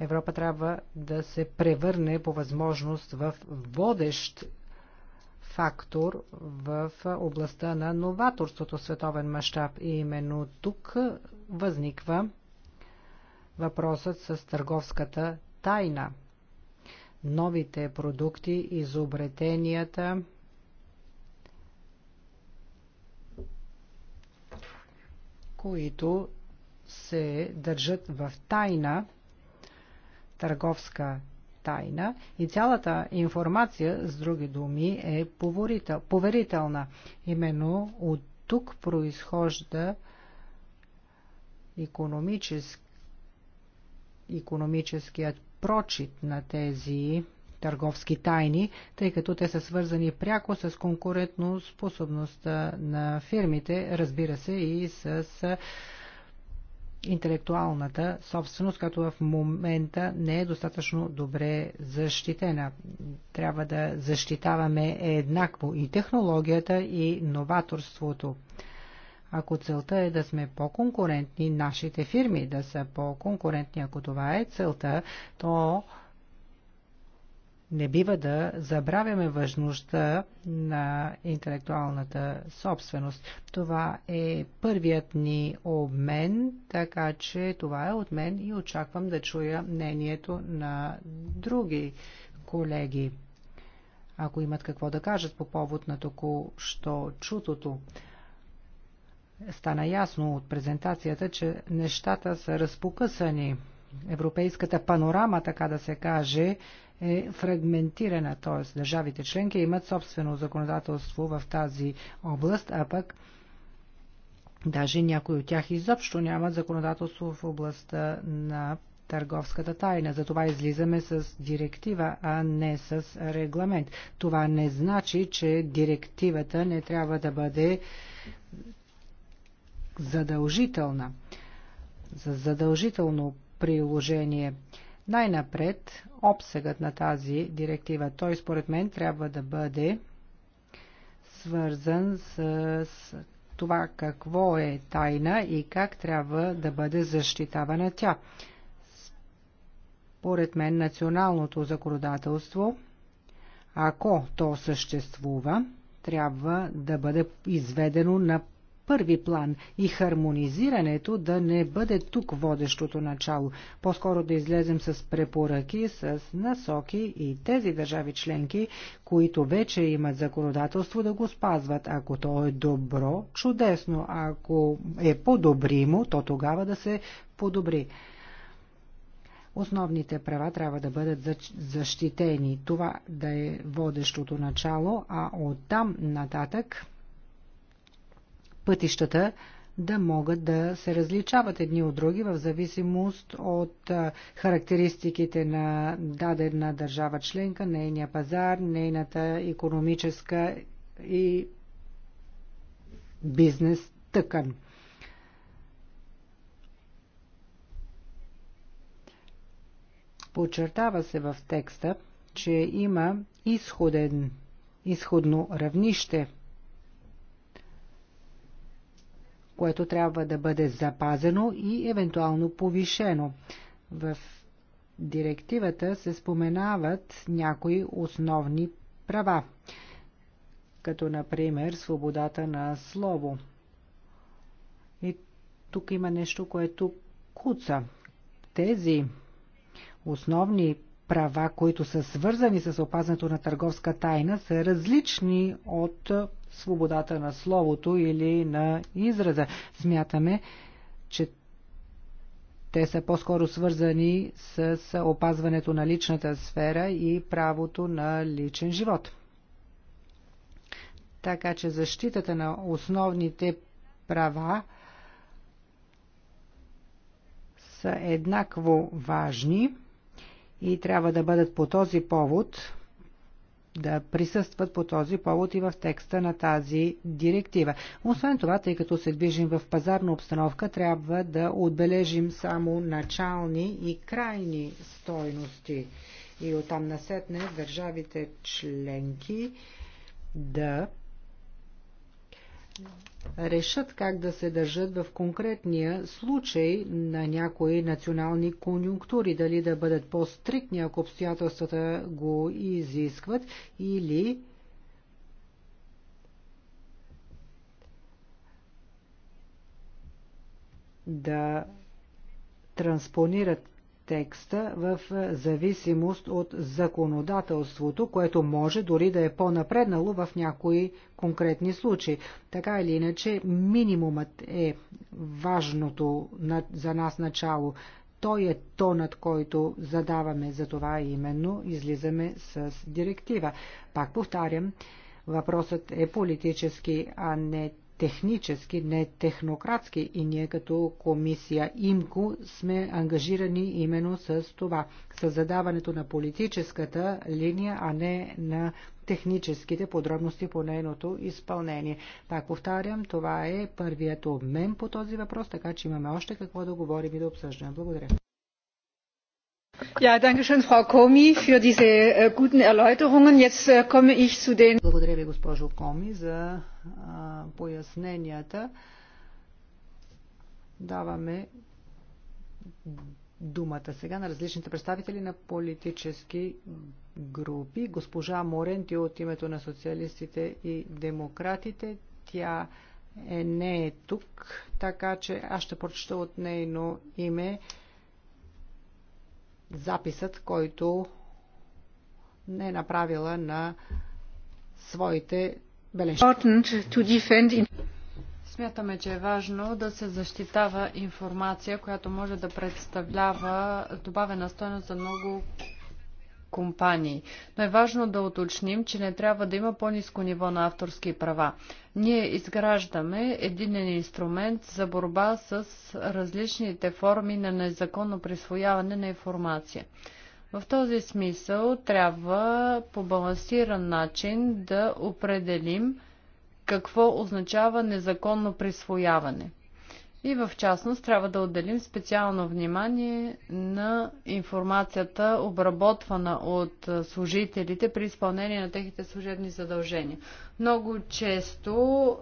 Европа трябва да се превърне по възможност в водещ фактор в областта на новаторството в световен мащаб. И именно тук възниква въпросът с търговската тайна – новите продукти, изобретенията, които се държат в тайна, търговска тайна и цялата информация, с други думи, е поверителна. Именно от тук произхожда економическият прочит на тези търговски тайни, тъй като те са свързани пряко с конкурентно способността на фирмите, разбира се и с интелектуалната собственост, като в момента не е достатъчно добре защитена. Трябва да защитаваме еднакво и технологията, и новаторството. Ако целта е да сме по-конкурентни, нашите фирми да са по-конкурентни, ако това е целта, то не бива да забравяме важността на интелектуалната собственост. Това е първият ни обмен, така че това е от мен и очаквам да чуя мнението на други колеги, ако имат какво да кажат по повод на току-що чутото стана ясно от презентацията, че нещата са разпокъсани. Европейската панорама, така да се каже, е фрагментирана, т.е. държавите членки имат собствено законодателство в тази област, а пък даже някои от тях изобщо нямат законодателство в областта на търговската тайна. Затова излизаме с директива, а не с регламент. Това не значи, че директивата не трябва да бъде задължителна, за задължително приложение. Най-напред, обсегът на тази директива, той според мен трябва да бъде свързан с това какво е тайна и как трябва да бъде защитавана тя. Според мен националното законодателство, ако то съществува, трябва да бъде изведено на първи план и хармонизирането да не бъде тук водещото начало. По-скоро да излезем с препоръки, с насоки и тези държави членки, които вече имат законодателство да го спазват. Ако то е добро, чудесно. Ако е по-добримо, то тогава да се подобри. Основните права трябва да бъдат защитени. Това да е водещото начало, а оттам нататък пътищата да могат да се различават едни от други в зависимост от характеристиките на дадена държава членка, нейния пазар, нейната економическа и бизнес тъкан. Подчертава се в текста, че има изходен, изходно равнище – което трябва да бъде запазено и евентуално повишено. В директивата се споменават някои основни права, като например свободата на слово. И тук има нещо, което куца. Тези основни права, които са свързани с опазването на търговска тайна, са различни от свободата на словото или на израза. Смятаме, че те са по-скоро свързани с опазването на личната сфера и правото на личен живот. Така че защитата на основните права са еднакво важни и трябва да бъдат по този повод да присъстват по този повод и в текста на тази директива. Освен това, тъй като се движим в пазарна обстановка, трябва да отбележим само начални и крайни стойности. И оттам насетне държавите членки да решат как да се държат в конкретния случай на някои национални конюнктури, дали да бъдат по стриктни ако обстоятелствата го изискват, или да транспонират текста в е, зависимост от законодателството, което може дори да е по-напреднало в някои конкретни случаи. Така или иначе, минимумът е важното за нас начало. Той е тонът, който задаваме, за това именно излизаме с директива. Пак повтарям, въпросът е политически, а не технически, не технократски и ние като комисия ИМКО сме ангажирани именно с това, с задаването на политическата линия, а не на техническите подробности по нейното изпълнение. Пак повтарям, това е първият обмен по този въпрос, така че имаме още какво да говорим и да обсъждаме. Благодаря. Äh, äh, Благодаря ви, госпожо Коми, за поясненията. Даваме думата сега на различните представители на политически групи. Госпожа Моренти от името на социалистите и демократите. Тя е, не е тук, така че аз ще прочета от нейно име записът, който не е направила на своите бележки. Смятаме, че е важно да се защитава информация, която може да представлява добавена стойност за много компании. Но е важно да уточним, че не трябва да има по-низко ниво на авторски права. Ние изграждаме един инструмент за борба с различните форми на незаконно присвояване на информация. В този смисъл трябва по балансиран начин да определим какво означава незаконно присвояване. И в частност трябва да отделим специално внимание на информацията, обработвана от служителите при изпълнение на техните служебни задължения. Много често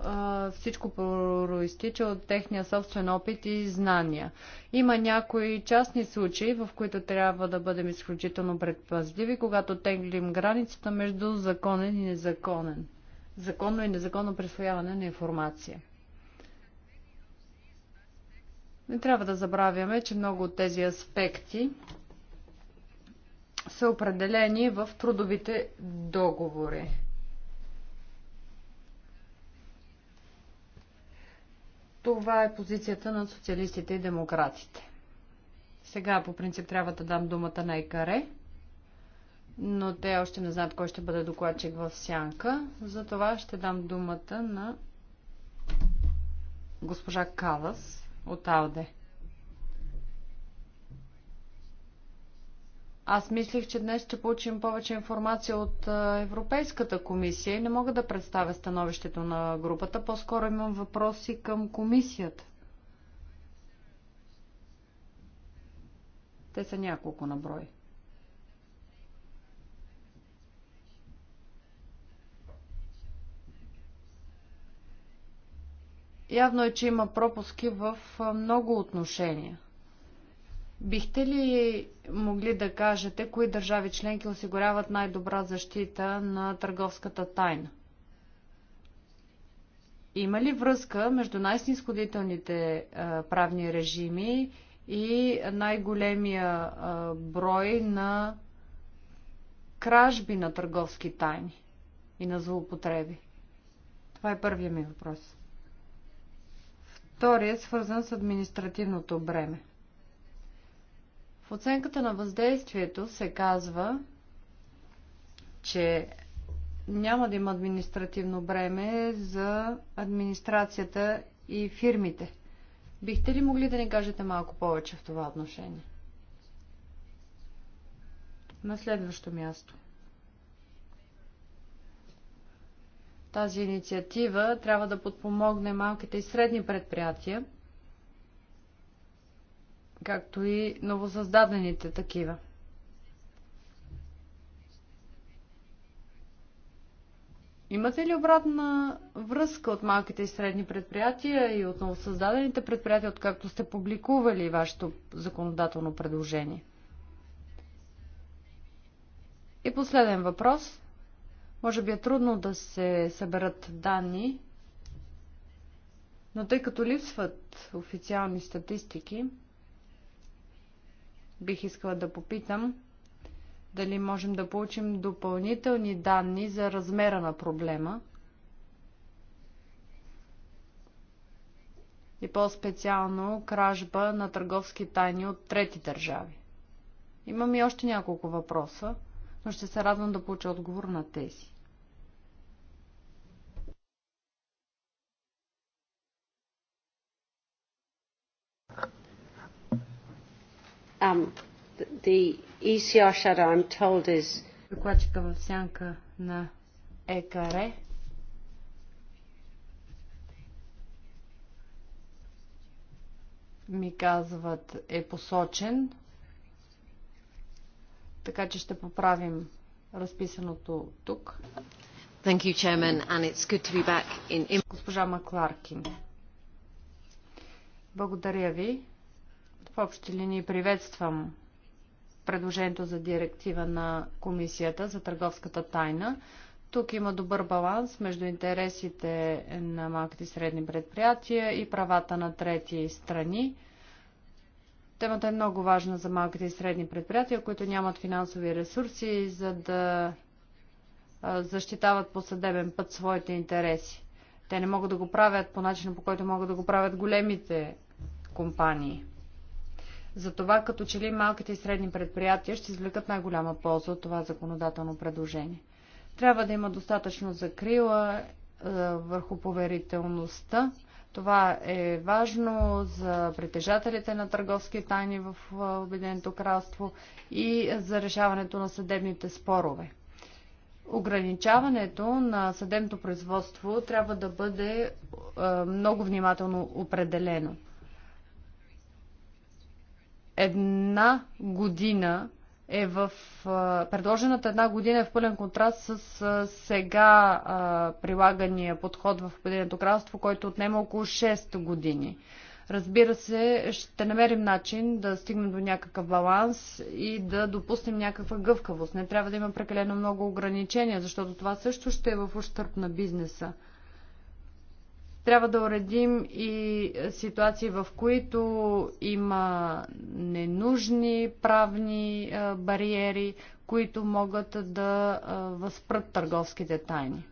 всичко проистича от техния собствен опит и знания. Има някои частни случаи, в които трябва да бъдем изключително предпазливи, когато теглим границата между законен и незаконен. Законно и незаконно присвояване на информация. Не трябва да забравяме, че много от тези аспекти са определени в трудовите договори. Това е позицията на социалистите и демократите. Сега по принцип трябва да дам думата на Икаре, но те още не знаят кой ще бъде докладчик в сянка. Затова ще дам думата на госпожа Калас от Алде. Аз мислих, че днес ще получим повече информация от Европейската комисия и не мога да представя становището на групата. По-скоро имам въпроси към комисията. Те са няколко на брой. Явно е, че има пропуски в много отношения. Бихте ли могли да кажете, кои държави членки осигуряват най-добра защита на търговската тайна? Има ли връзка между най-снисходителните правни режими и най-големия брой на кражби на търговски тайни и на злоупотреби? Това е първият ми въпрос. Втория е свързан с административното бреме. В оценката на въздействието се казва, че няма да има административно бреме за администрацията и фирмите. Бихте ли могли да ни кажете малко повече в това отношение? На следващо място. Тази инициатива трябва да подпомогне малките и средни предприятия, както и новосъздадените такива. Имате ли обратна връзка от малките и средни предприятия и от новосъздадените предприятия, откакто сте публикували вашето законодателно предложение? И последен въпрос. Може би е трудно да се съберат данни, но тъй като липсват официални статистики, бих искала да попитам дали можем да получим допълнителни данни за размера на проблема и по-специално кражба на търговски тайни от трети държави. Имам и още няколко въпроса, но ще се радвам да получа отговор на тези. Um, the ECR shadow, I'm told, is... в сянка на ЕКАРЕ. Е. Ми казват е посочен. Така че ще поправим разписаното тук. Thank you, Chairman, and it's good to be back in... Госпожа Макларкин. Благодаря ви. В общи линии приветствам предложението за директива на Комисията за търговската тайна. Тук има добър баланс между интересите на малките и средни предприятия и правата на трети страни. Темата е много важна за малките и средни предприятия, които нямат финансови ресурси, за да защитават по съдебен път своите интереси. Те не могат да го правят по начина, по който могат да го правят големите компании. Затова като че ли малките и средни предприятия ще извлекат най-голяма полза от това законодателно предложение. Трябва да има достатъчно закрила е, върху поверителността. Това е важно за притежателите на търговски тайни в е, Обединеното кралство и за решаването на съдебните спорове. Ограничаването на съдебното производство трябва да бъде е, много внимателно определено една година е в предложената една година е в пълен контраст с сега прилагания подход в Обединеното кралство, който отнема около 6 години. Разбира се, ще намерим начин да стигнем до някакъв баланс и да допуснем някаква гъвкавост. Не трябва да има прекалено много ограничения, защото това също ще е в ущърп на бизнеса. Трябва да уредим и ситуации, в които има ненужни правни бариери, които могат да възпрат търговските тайни.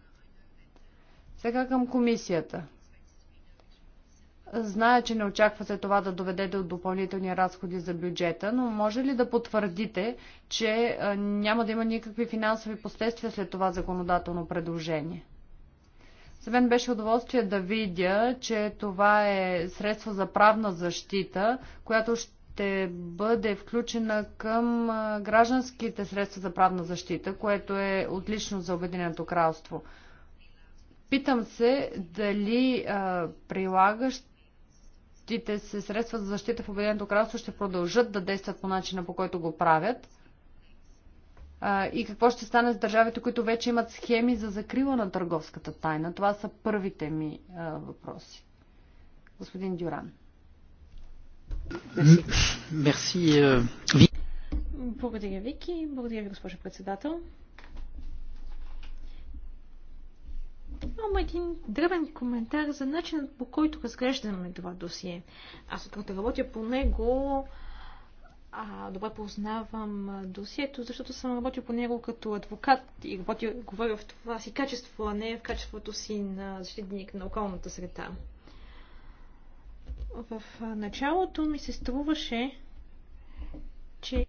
Сега към комисията. Зная, че не очаквате това да доведе до допълнителни разходи за бюджета, но може ли да потвърдите, че няма да има никакви финансови последствия след това законодателно предложение? За мен беше удоволствие да видя, че това е средство за правна защита, която ще бъде включена към гражданските средства за правна защита, което е отлично за Обединеното кралство. Питам се дали а, прилагащите се средства за защита в Обединеното кралство ще продължат да действат по начина по който го правят – и какво ще стане с държавите, които вече имат схеми за закрила на търговската тайна? Това са първите ми въпроси. Господин Дюран. Мерси. Благодаря, Вики. Благодаря ви, госпожо председател. Имам един дръбен коментар за начинът по който разглеждаме това досие. Аз от работя по него, а, добре познавам досието, защото съм работил по него като адвокат и работил, говоря в това си качество, а не в качеството си на защитник на околната среда. В началото ми се струваше, че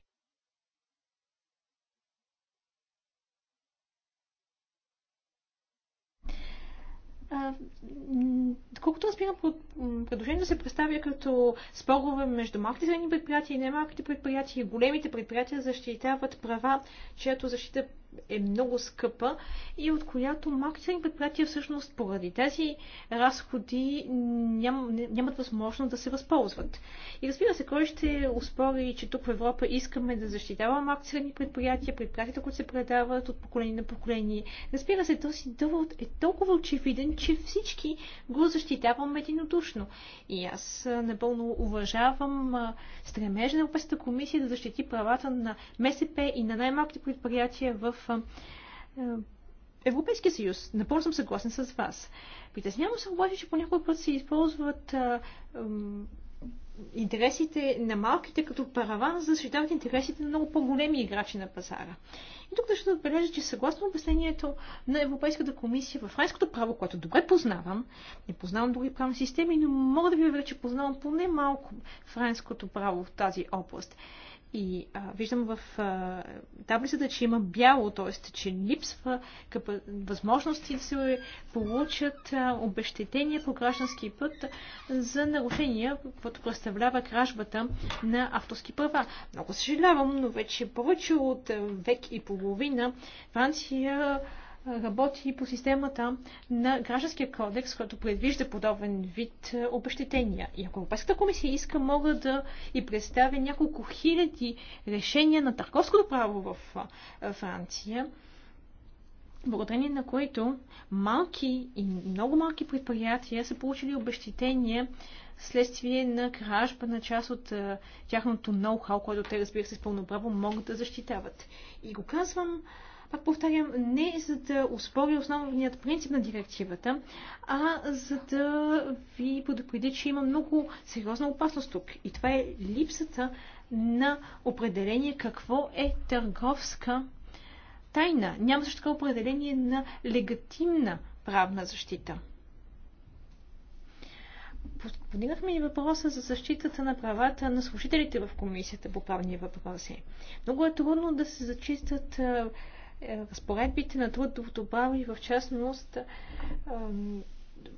Доколкото предложение предложението се представя като спорове между малките средни предприятия и немалките предприятия и големите предприятия защитават права, чиято защита е много скъпа и от която маркетинг предприятия всъщност поради тези разходи ням, нямат възможност да се възползват. И разбира се, кой ще успори, че тук в Европа искаме да защитаваме малките предприятия, предприятията, които се предават от поколение на поколение. Разбира се, този довод е толкова очевиден, че всички го защитаваме единодушно. И аз напълно уважавам стремежа на Европейската комисия да защити правата на МСП и на най-малките предприятия в Европейския съюз. Напълно съм съгласен с вас. Притеснявам се обаче, че понякога път се използват а, ам, интересите на малките като параван, за да защитават интересите на много по-големи играчи на пазара. И тук ще да отбележа, че съгласно обяснението на Европейската комисия в френското право, което добре познавам, не познавам други правни системи, но мога да ви уверя, че познавам поне малко френското право в тази област. И а, виждам в а, таблицата, че има бяло, т.е. че липсва къпа, възможности да се получат а, обещетения по граждански път за нарушения, което представлява кражбата на авторски права. Много съжалявам, но вече повече от век и половина Франция работи по системата на гражданския кодекс, който предвижда подобен вид е, обещетения. И ако Европейската комисия иска, мога да и представя няколко хиляди решения на търговското право в е, Франция, благодарение на които малки и много малки предприятия са получили обещетения следствие на кражба на част от а, е, тяхното ноу-хау, което те, разбира се, с пълно право могат да защитават. И го казвам пак повтарям, не за да успори основният принцип на директивата, а за да ви подопреди, че има много сериозна опасност тук. И това е липсата на определение какво е търговска тайна. Няма също така определение на легатимна правна защита. Подигнахме и въпроса за защитата на правата на служителите в комисията по правни въпроси. Много е трудно да се зачистят е, разпоредбите на трудовото право и в частност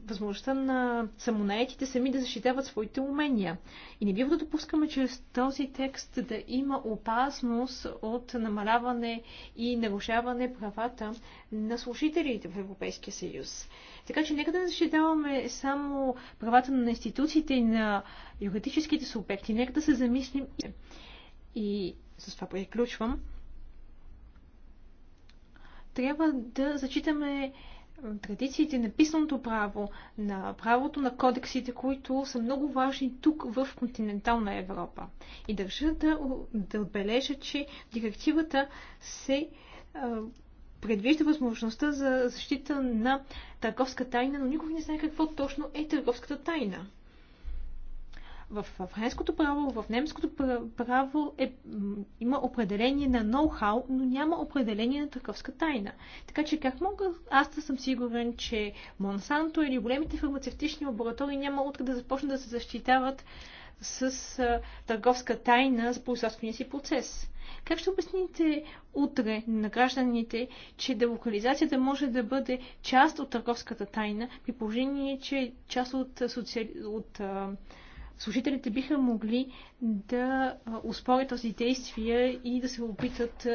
възможността на самонаетите сами да защитават своите умения. И не бива да допускаме чрез този текст да има опасност от намаляване и нарушаване правата на служителите в Европейския съюз. Така че нека да не защитаваме само правата на институциите и на юридическите субекти, нека да се замислим. И с това приключвам трябва да зачитаме традициите на писаното право, на правото на кодексите, които са много важни тук в континентална Европа. И държа да, да отбележа, че директивата се а, предвижда възможността за защита на търговска тайна, но никой не знае какво точно е търговската тайна. В френското право, в немското право е, има определение на ноу-хау, но няма определение на търговска тайна. Така че как мога аз да съм сигурен, че Монсанто или големите фармацевтични лаборатории няма утре да започнат да се защитават с а, търговска тайна за производствения си процес? Как ще обясните утре на гражданите, че делокализацията може да бъде част от търговската тайна, при положение, че част от, социали... от а, служителите биха могли да успорят тези действия и да се опитат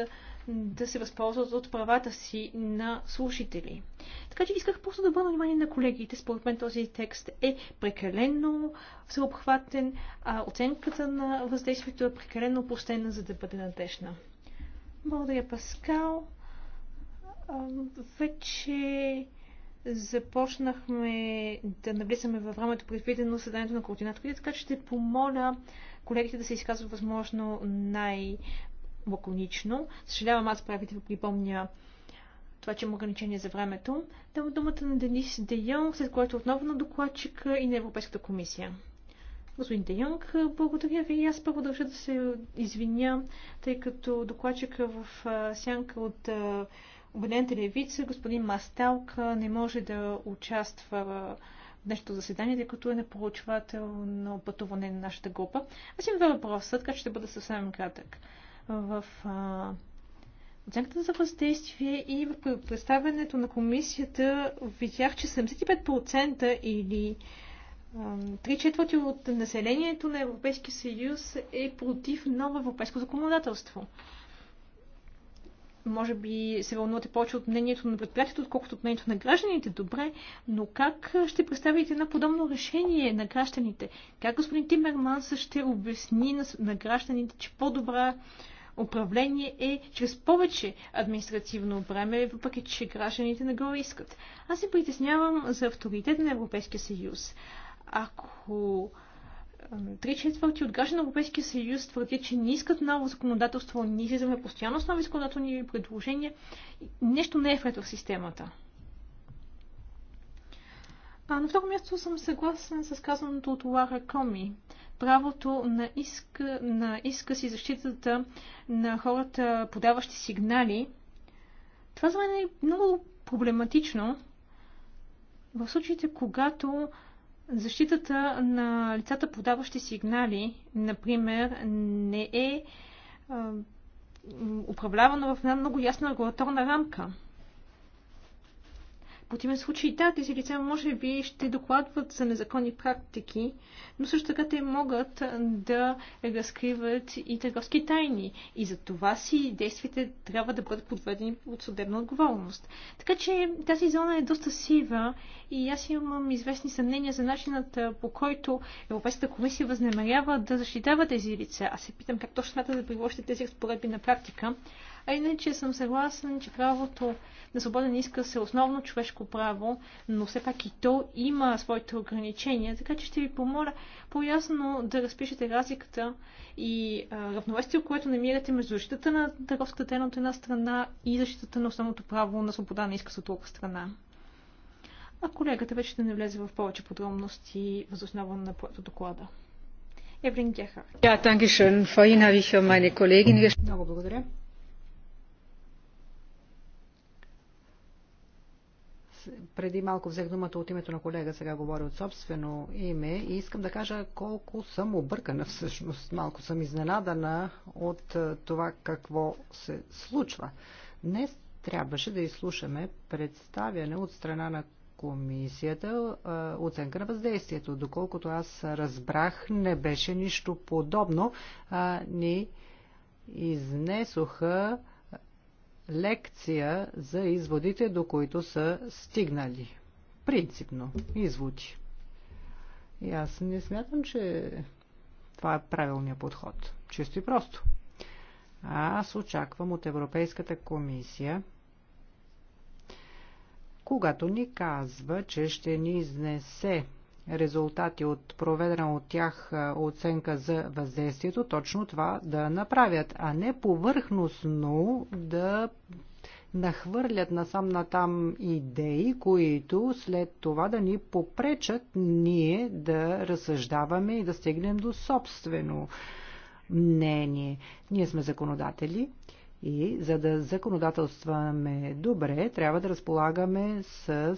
да се възползват от правата си на слушатели. Така че исках просто да обърна внимание на колегите. Според мен този текст е прекалено всеобхватен, а оценката на въздействието е прекалено простена, за да бъде надежна. Благодаря, Паскал. Вече започнахме да навлизаме във времето предвидено съданието на координатори, така че ще помоля колегите да се изказват възможно най-лаконично. Съжалявам, аз правите да ви припомня това, че има ограничение за времето. Дам думата на Денис Де Йонг, след което отново на докладчика и на Европейската комисия. Господин Де Йонг, благодаря ви. Аз първо държа да се извиня, тъй като докладчика в сянка от Обедената левица, господин Масталк не може да участва в днешното заседание, тъй като е на проучвателно пътуване на нашата група. Аз имам два въпроса, така че ще бъда съвсем кратък. В а, оценката за въздействие и в представянето на комисията видях, че 75% или Три четвърти от населението на Европейския съюз е против ново европейско законодателство може би се вълнувате повече от мнението на предприятието, отколкото от мнението на гражданите. Добре, но как ще представите едно подобно решение на гражданите? Как господин Тимерманс ще обясни на, на гражданите, че по-добра управление е чрез повече административно време, въпреки че гражданите не го искат. Аз се притеснявам за авторитет на Европейския съюз. Ако Три четвърти от граждани на Европейския съюз твърдят, че не искат ново законодателство, ние излизаме постоянно с нови законодателни предложения. Нещо не е вред в системата. А на второ място съм съгласен с казаното от Лара Коми. Правото на иска, на иска си защитата на хората, подаващи сигнали. Това за мен е много проблематично в случаите, когато Защитата на лицата, подаващи сигнали, например, не е управлявана в една много ясна регулаторна рамка противен случай, да, тези лица може би ще докладват за незаконни практики, но също така те могат да разкриват и търговски тайни. И за това си действите трябва да бъдат подведени от съдебна отговорност. Така че тази зона е доста сива и аз имам известни съмнения за начинът по който Европейската комисия възнамерява да защитава тези лица. Аз се питам как точно смята да приложите тези разпоредби на практика. А иначе съм съгласен, че правото на свободен изказ е основно човешко право, но все пак и то има своите ограничения, така че ще ви помоля по-ясно да разпишете разликата и равновесие, което намирате между защитата на търговската тема от една страна и защитата на основното право на свобода на изказ от друга страна. А колегата вече да не влезе в повече подробности възоснова на доклада. Еврин Гехард. Yeah, Много благодаря. преди малко взех думата от името на колега, сега говоря от собствено име и искам да кажа колко съм объркана всъщност. Малко съм изненадана от е, това какво се случва. Днес трябваше да изслушаме представяне от страна на комисията е, оценка на въздействието. Доколкото аз разбрах, не беше нищо подобно. А, ни изнесоха лекция за изводите, до които са стигнали. Принципно, изводи. И аз не смятам, че това е правилният подход. Чисто и просто. Аз очаквам от Европейската комисия, когато ни казва, че ще ни изнесе резултати от проведена от тях оценка за въздействието, точно това да направят, а не повърхностно да нахвърлят насам натам идеи, които след това да ни попречат ние да разсъждаваме и да стигнем до собствено мнение. Ние сме законодатели, и за да законодателстваме добре, трябва да разполагаме с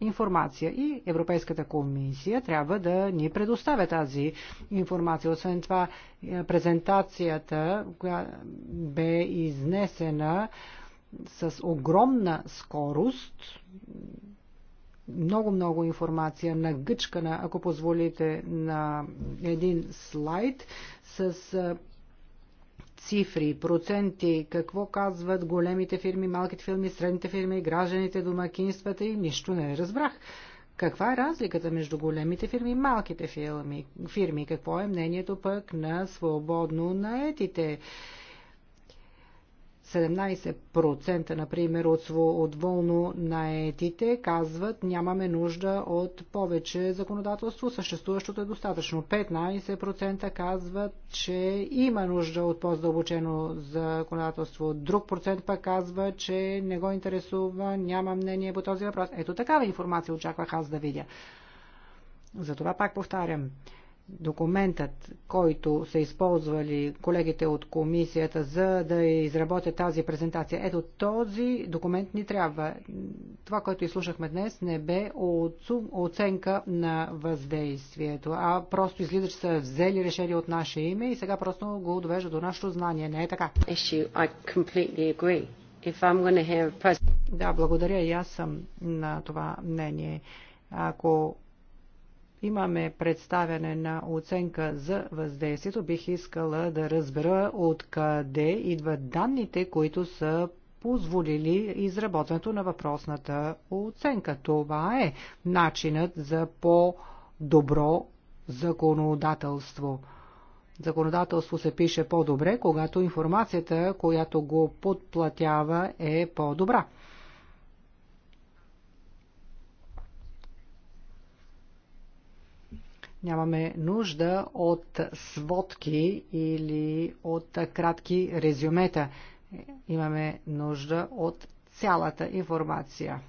информация. И Европейската комисия трябва да ни предоставя тази информация. Освен това, презентацията бе изнесена с огромна скорост. Много-много информация нагъчкана, ако позволите, на един слайд с цифри, проценти, какво казват големите фирми, малките фирми, средните фирми, гражданите, домакинствата и нищо не разбрах. Каква е разликата между големите фирми и малките фирми? Какво е мнението пък на свободно наетите? 17% например от, от волно наетите казват нямаме нужда от повече законодателство, съществуващото е достатъчно. 15% казват, че има нужда от по-задълбочено законодателство. Друг процент пък казва, че не го интересува, няма мнение по този въпрос. Ето такава информация очаквах аз да видя. Затова пак повтарям документът, който са използвали колегите от комисията, за да изработят тази презентация. Ето този документ ни трябва. Това, което изслушахме днес, не бе оценка на въздействието, а просто излиза, че са взели решение от наше име и сега просто го довежда до нашето знание. Не е така. Да, благодаря и аз съм на това мнение. Ако Имаме представяне на оценка за въздействието. Бих искала да разбера откъде идват данните, които са позволили изработването на въпросната оценка. Това е начинът за по-добро законодателство. Законодателство се пише по-добре, когато информацията, която го подплатява, е по-добра. Нямаме нужда от сводки или от кратки резюмета. Имаме нужда от цялата информация.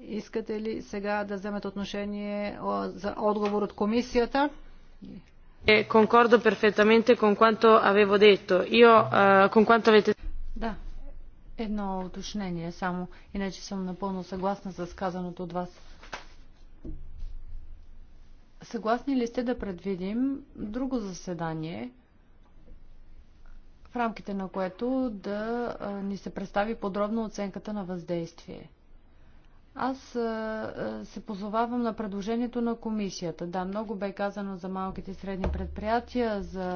Искате ли сега да вземете отношение за отговор от комисията? Е, конкордо перфектаменте кон което avevo detto. Io, con quanto avete... Да, едно уточнение само. Иначе съм напълно съгласна с казаното от вас. Съгласни ли сте да предвидим друго заседание, в рамките на което да ни се представи подробно оценката на въздействие? Аз се позовавам на предложението на комисията. Да, много бе казано за малките и средни предприятия, за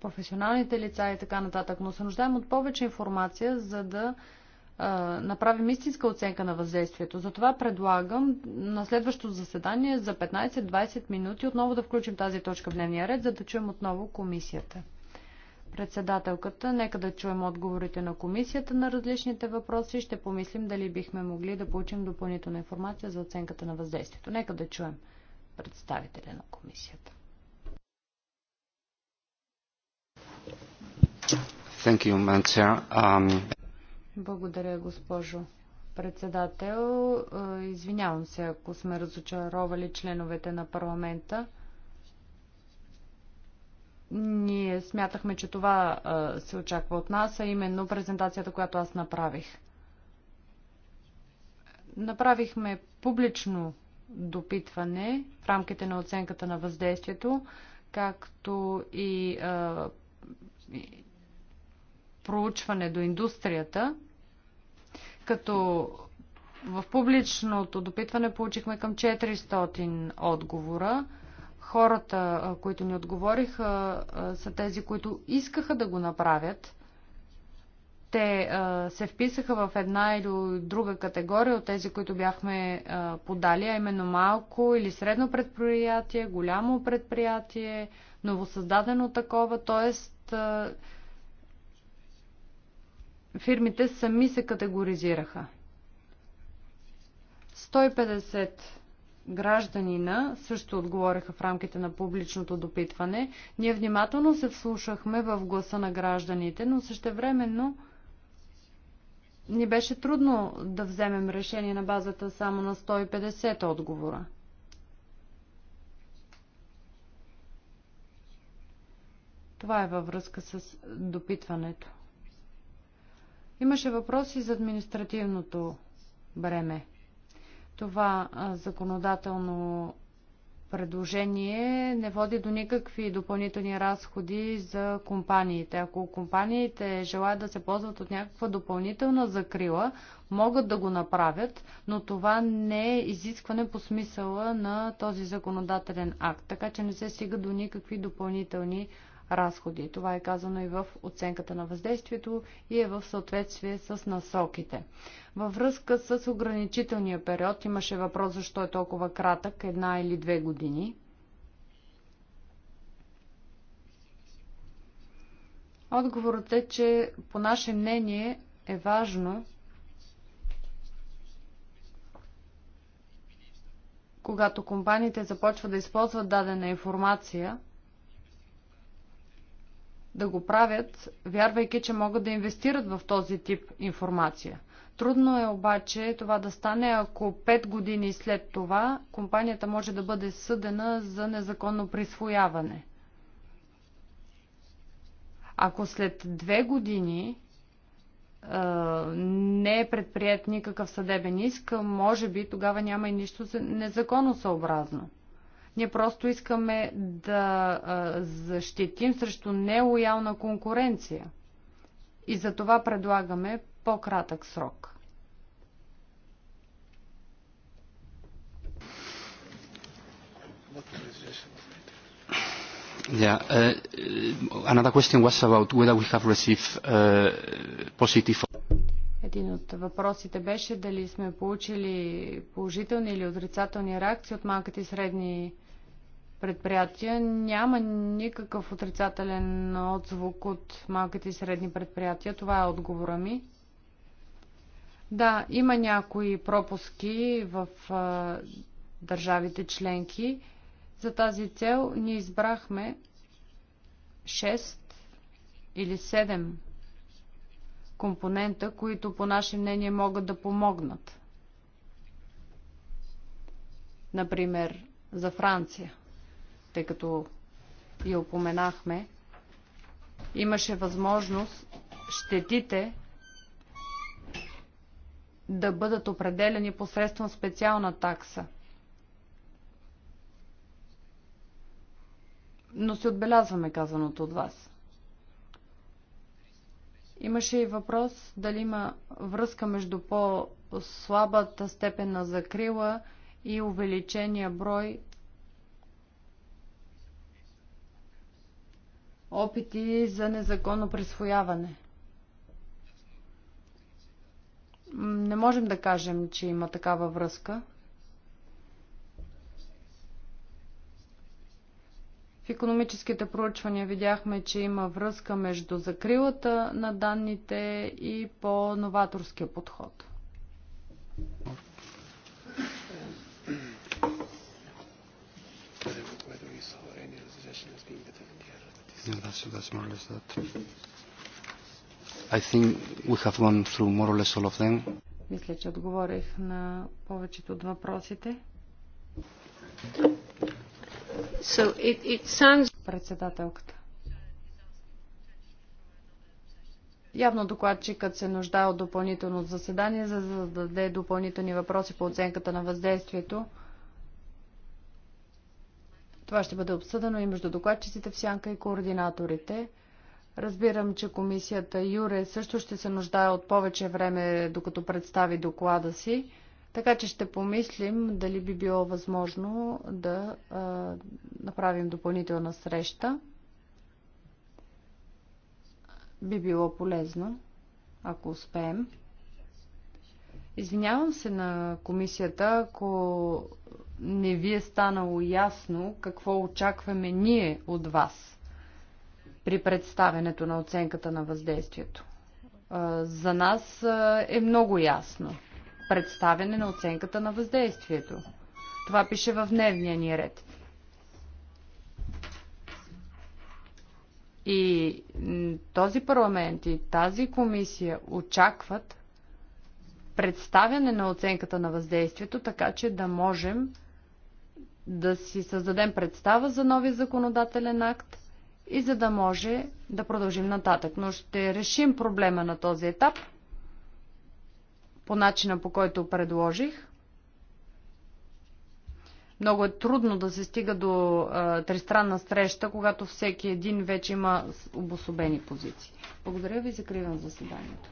професионалните лица и така нататък, но се нуждаем от повече информация, за да направим истинска оценка на въздействието. Затова предлагам на следващото заседание за 15-20 минути отново да включим тази точка в дневния ред, за да чуем отново комисията. Председателката, нека да чуем отговорите на комисията на различните въпроси и ще помислим дали бихме могли да получим допълнителна информация за оценката на въздействието. Нека да чуем представителя на комисията. Thank you, Madam Chair. Um... Благодаря, госпожо председател. Е, извинявам се, ако сме разочаровали членовете на парламента. Ние смятахме, че това е, се очаква от нас, а именно презентацията, която аз направих. Направихме публично допитване в рамките на оценката на въздействието, както и е, проучване до индустрията, като в публичното допитване получихме към 400 отговора. Хората, които ни отговориха, са тези, които искаха да го направят. Те се вписаха в една или друга категория от тези, които бяхме подали, а именно малко или средно предприятие, голямо предприятие, новосъздадено такова, т.е фирмите сами се категоризираха. 150 гражданина също отговориха в рамките на публичното допитване. Ние внимателно се вслушахме в гласа на гражданите, но същевременно ни беше трудно да вземем решение на базата само на 150 отговора. Това е във връзка с допитването. Имаше въпроси за административното бреме. Това законодателно предложение не води до никакви допълнителни разходи за компаниите. Ако компаниите желаят да се ползват от някаква допълнителна закрила, могат да го направят, но това не е изискване по смисъла на този законодателен акт, така че не се стига до никакви допълнителни разходи. Това е казано и в оценката на въздействието и е в съответствие с насоките. Във връзка с ограничителния период имаше въпрос защо е толкова кратък, една или две години. Отговорът е, че по наше мнение е важно когато компаниите започват да използват дадена информация – да го правят, вярвайки, че могат да инвестират в този тип информация. Трудно е обаче това да стане, ако 5 години след това компанията може да бъде съдена за незаконно присвояване. Ако след 2 години не е предприят никакъв съдебен иск, може би тогава няма и нищо незаконно съобразно. Ние просто искаме да защитим срещу нелоялна конкуренция. И за това предлагаме по-кратък срок. Yeah. Uh, another question was about whether we have received uh, positive. Един от въпросите беше дали сме получили положителни или отрицателни реакции от малките и средни предприятия, няма никакъв отрицателен отзвук от малките и средни предприятия. Това е отговора ми. Да, има някои пропуски в а, държавите членки. За тази цел ние избрахме 6 или 7 компонента, които по наше мнение могат да помогнат. Например, за Франция тъй като я упоменахме, имаше възможност щетите да бъдат определени посредством специална такса. Но си отбелязваме казаното от вас. Имаше и въпрос дали има връзка между по-слабата степен на закрила и увеличения брой опити за незаконно присвояване. Не можем да кажем, че има такава връзка. В економическите проучвания видяхме, че има връзка между закрилата на данните и по-новаторския подход. Whether we saw any of the suggestions мисля, че отговорих на повечето от въпросите. So it, it sounds... Председателката. Явно докладчикът се нуждае от допълнително заседание, за да зададе допълнителни въпроси по оценката на въздействието. Това ще бъде обсъдено и между докладчиците в сянка и координаторите. Разбирам, че комисията Юре също ще се нуждае от повече време, докато представи доклада си, така че ще помислим дали би било възможно да а, направим допълнителна среща. Би било полезно, ако успеем. Извинявам се на комисията, ако не ви е станало ясно какво очакваме ние от вас при представенето на оценката на въздействието. За нас е много ясно. Представяне на оценката на въздействието. Това пише в дневния ни ред. И този парламент и тази комисия очакват представяне на оценката на въздействието, така че да можем да си създадем представа за нови законодателен акт и за да може да продължим нататък. Но ще решим проблема на този етап по начина по който предложих. Много е трудно да се стига до а, тристранна среща, когато всеки един вече има обособени позиции. Благодаря ви, закривам заседанието.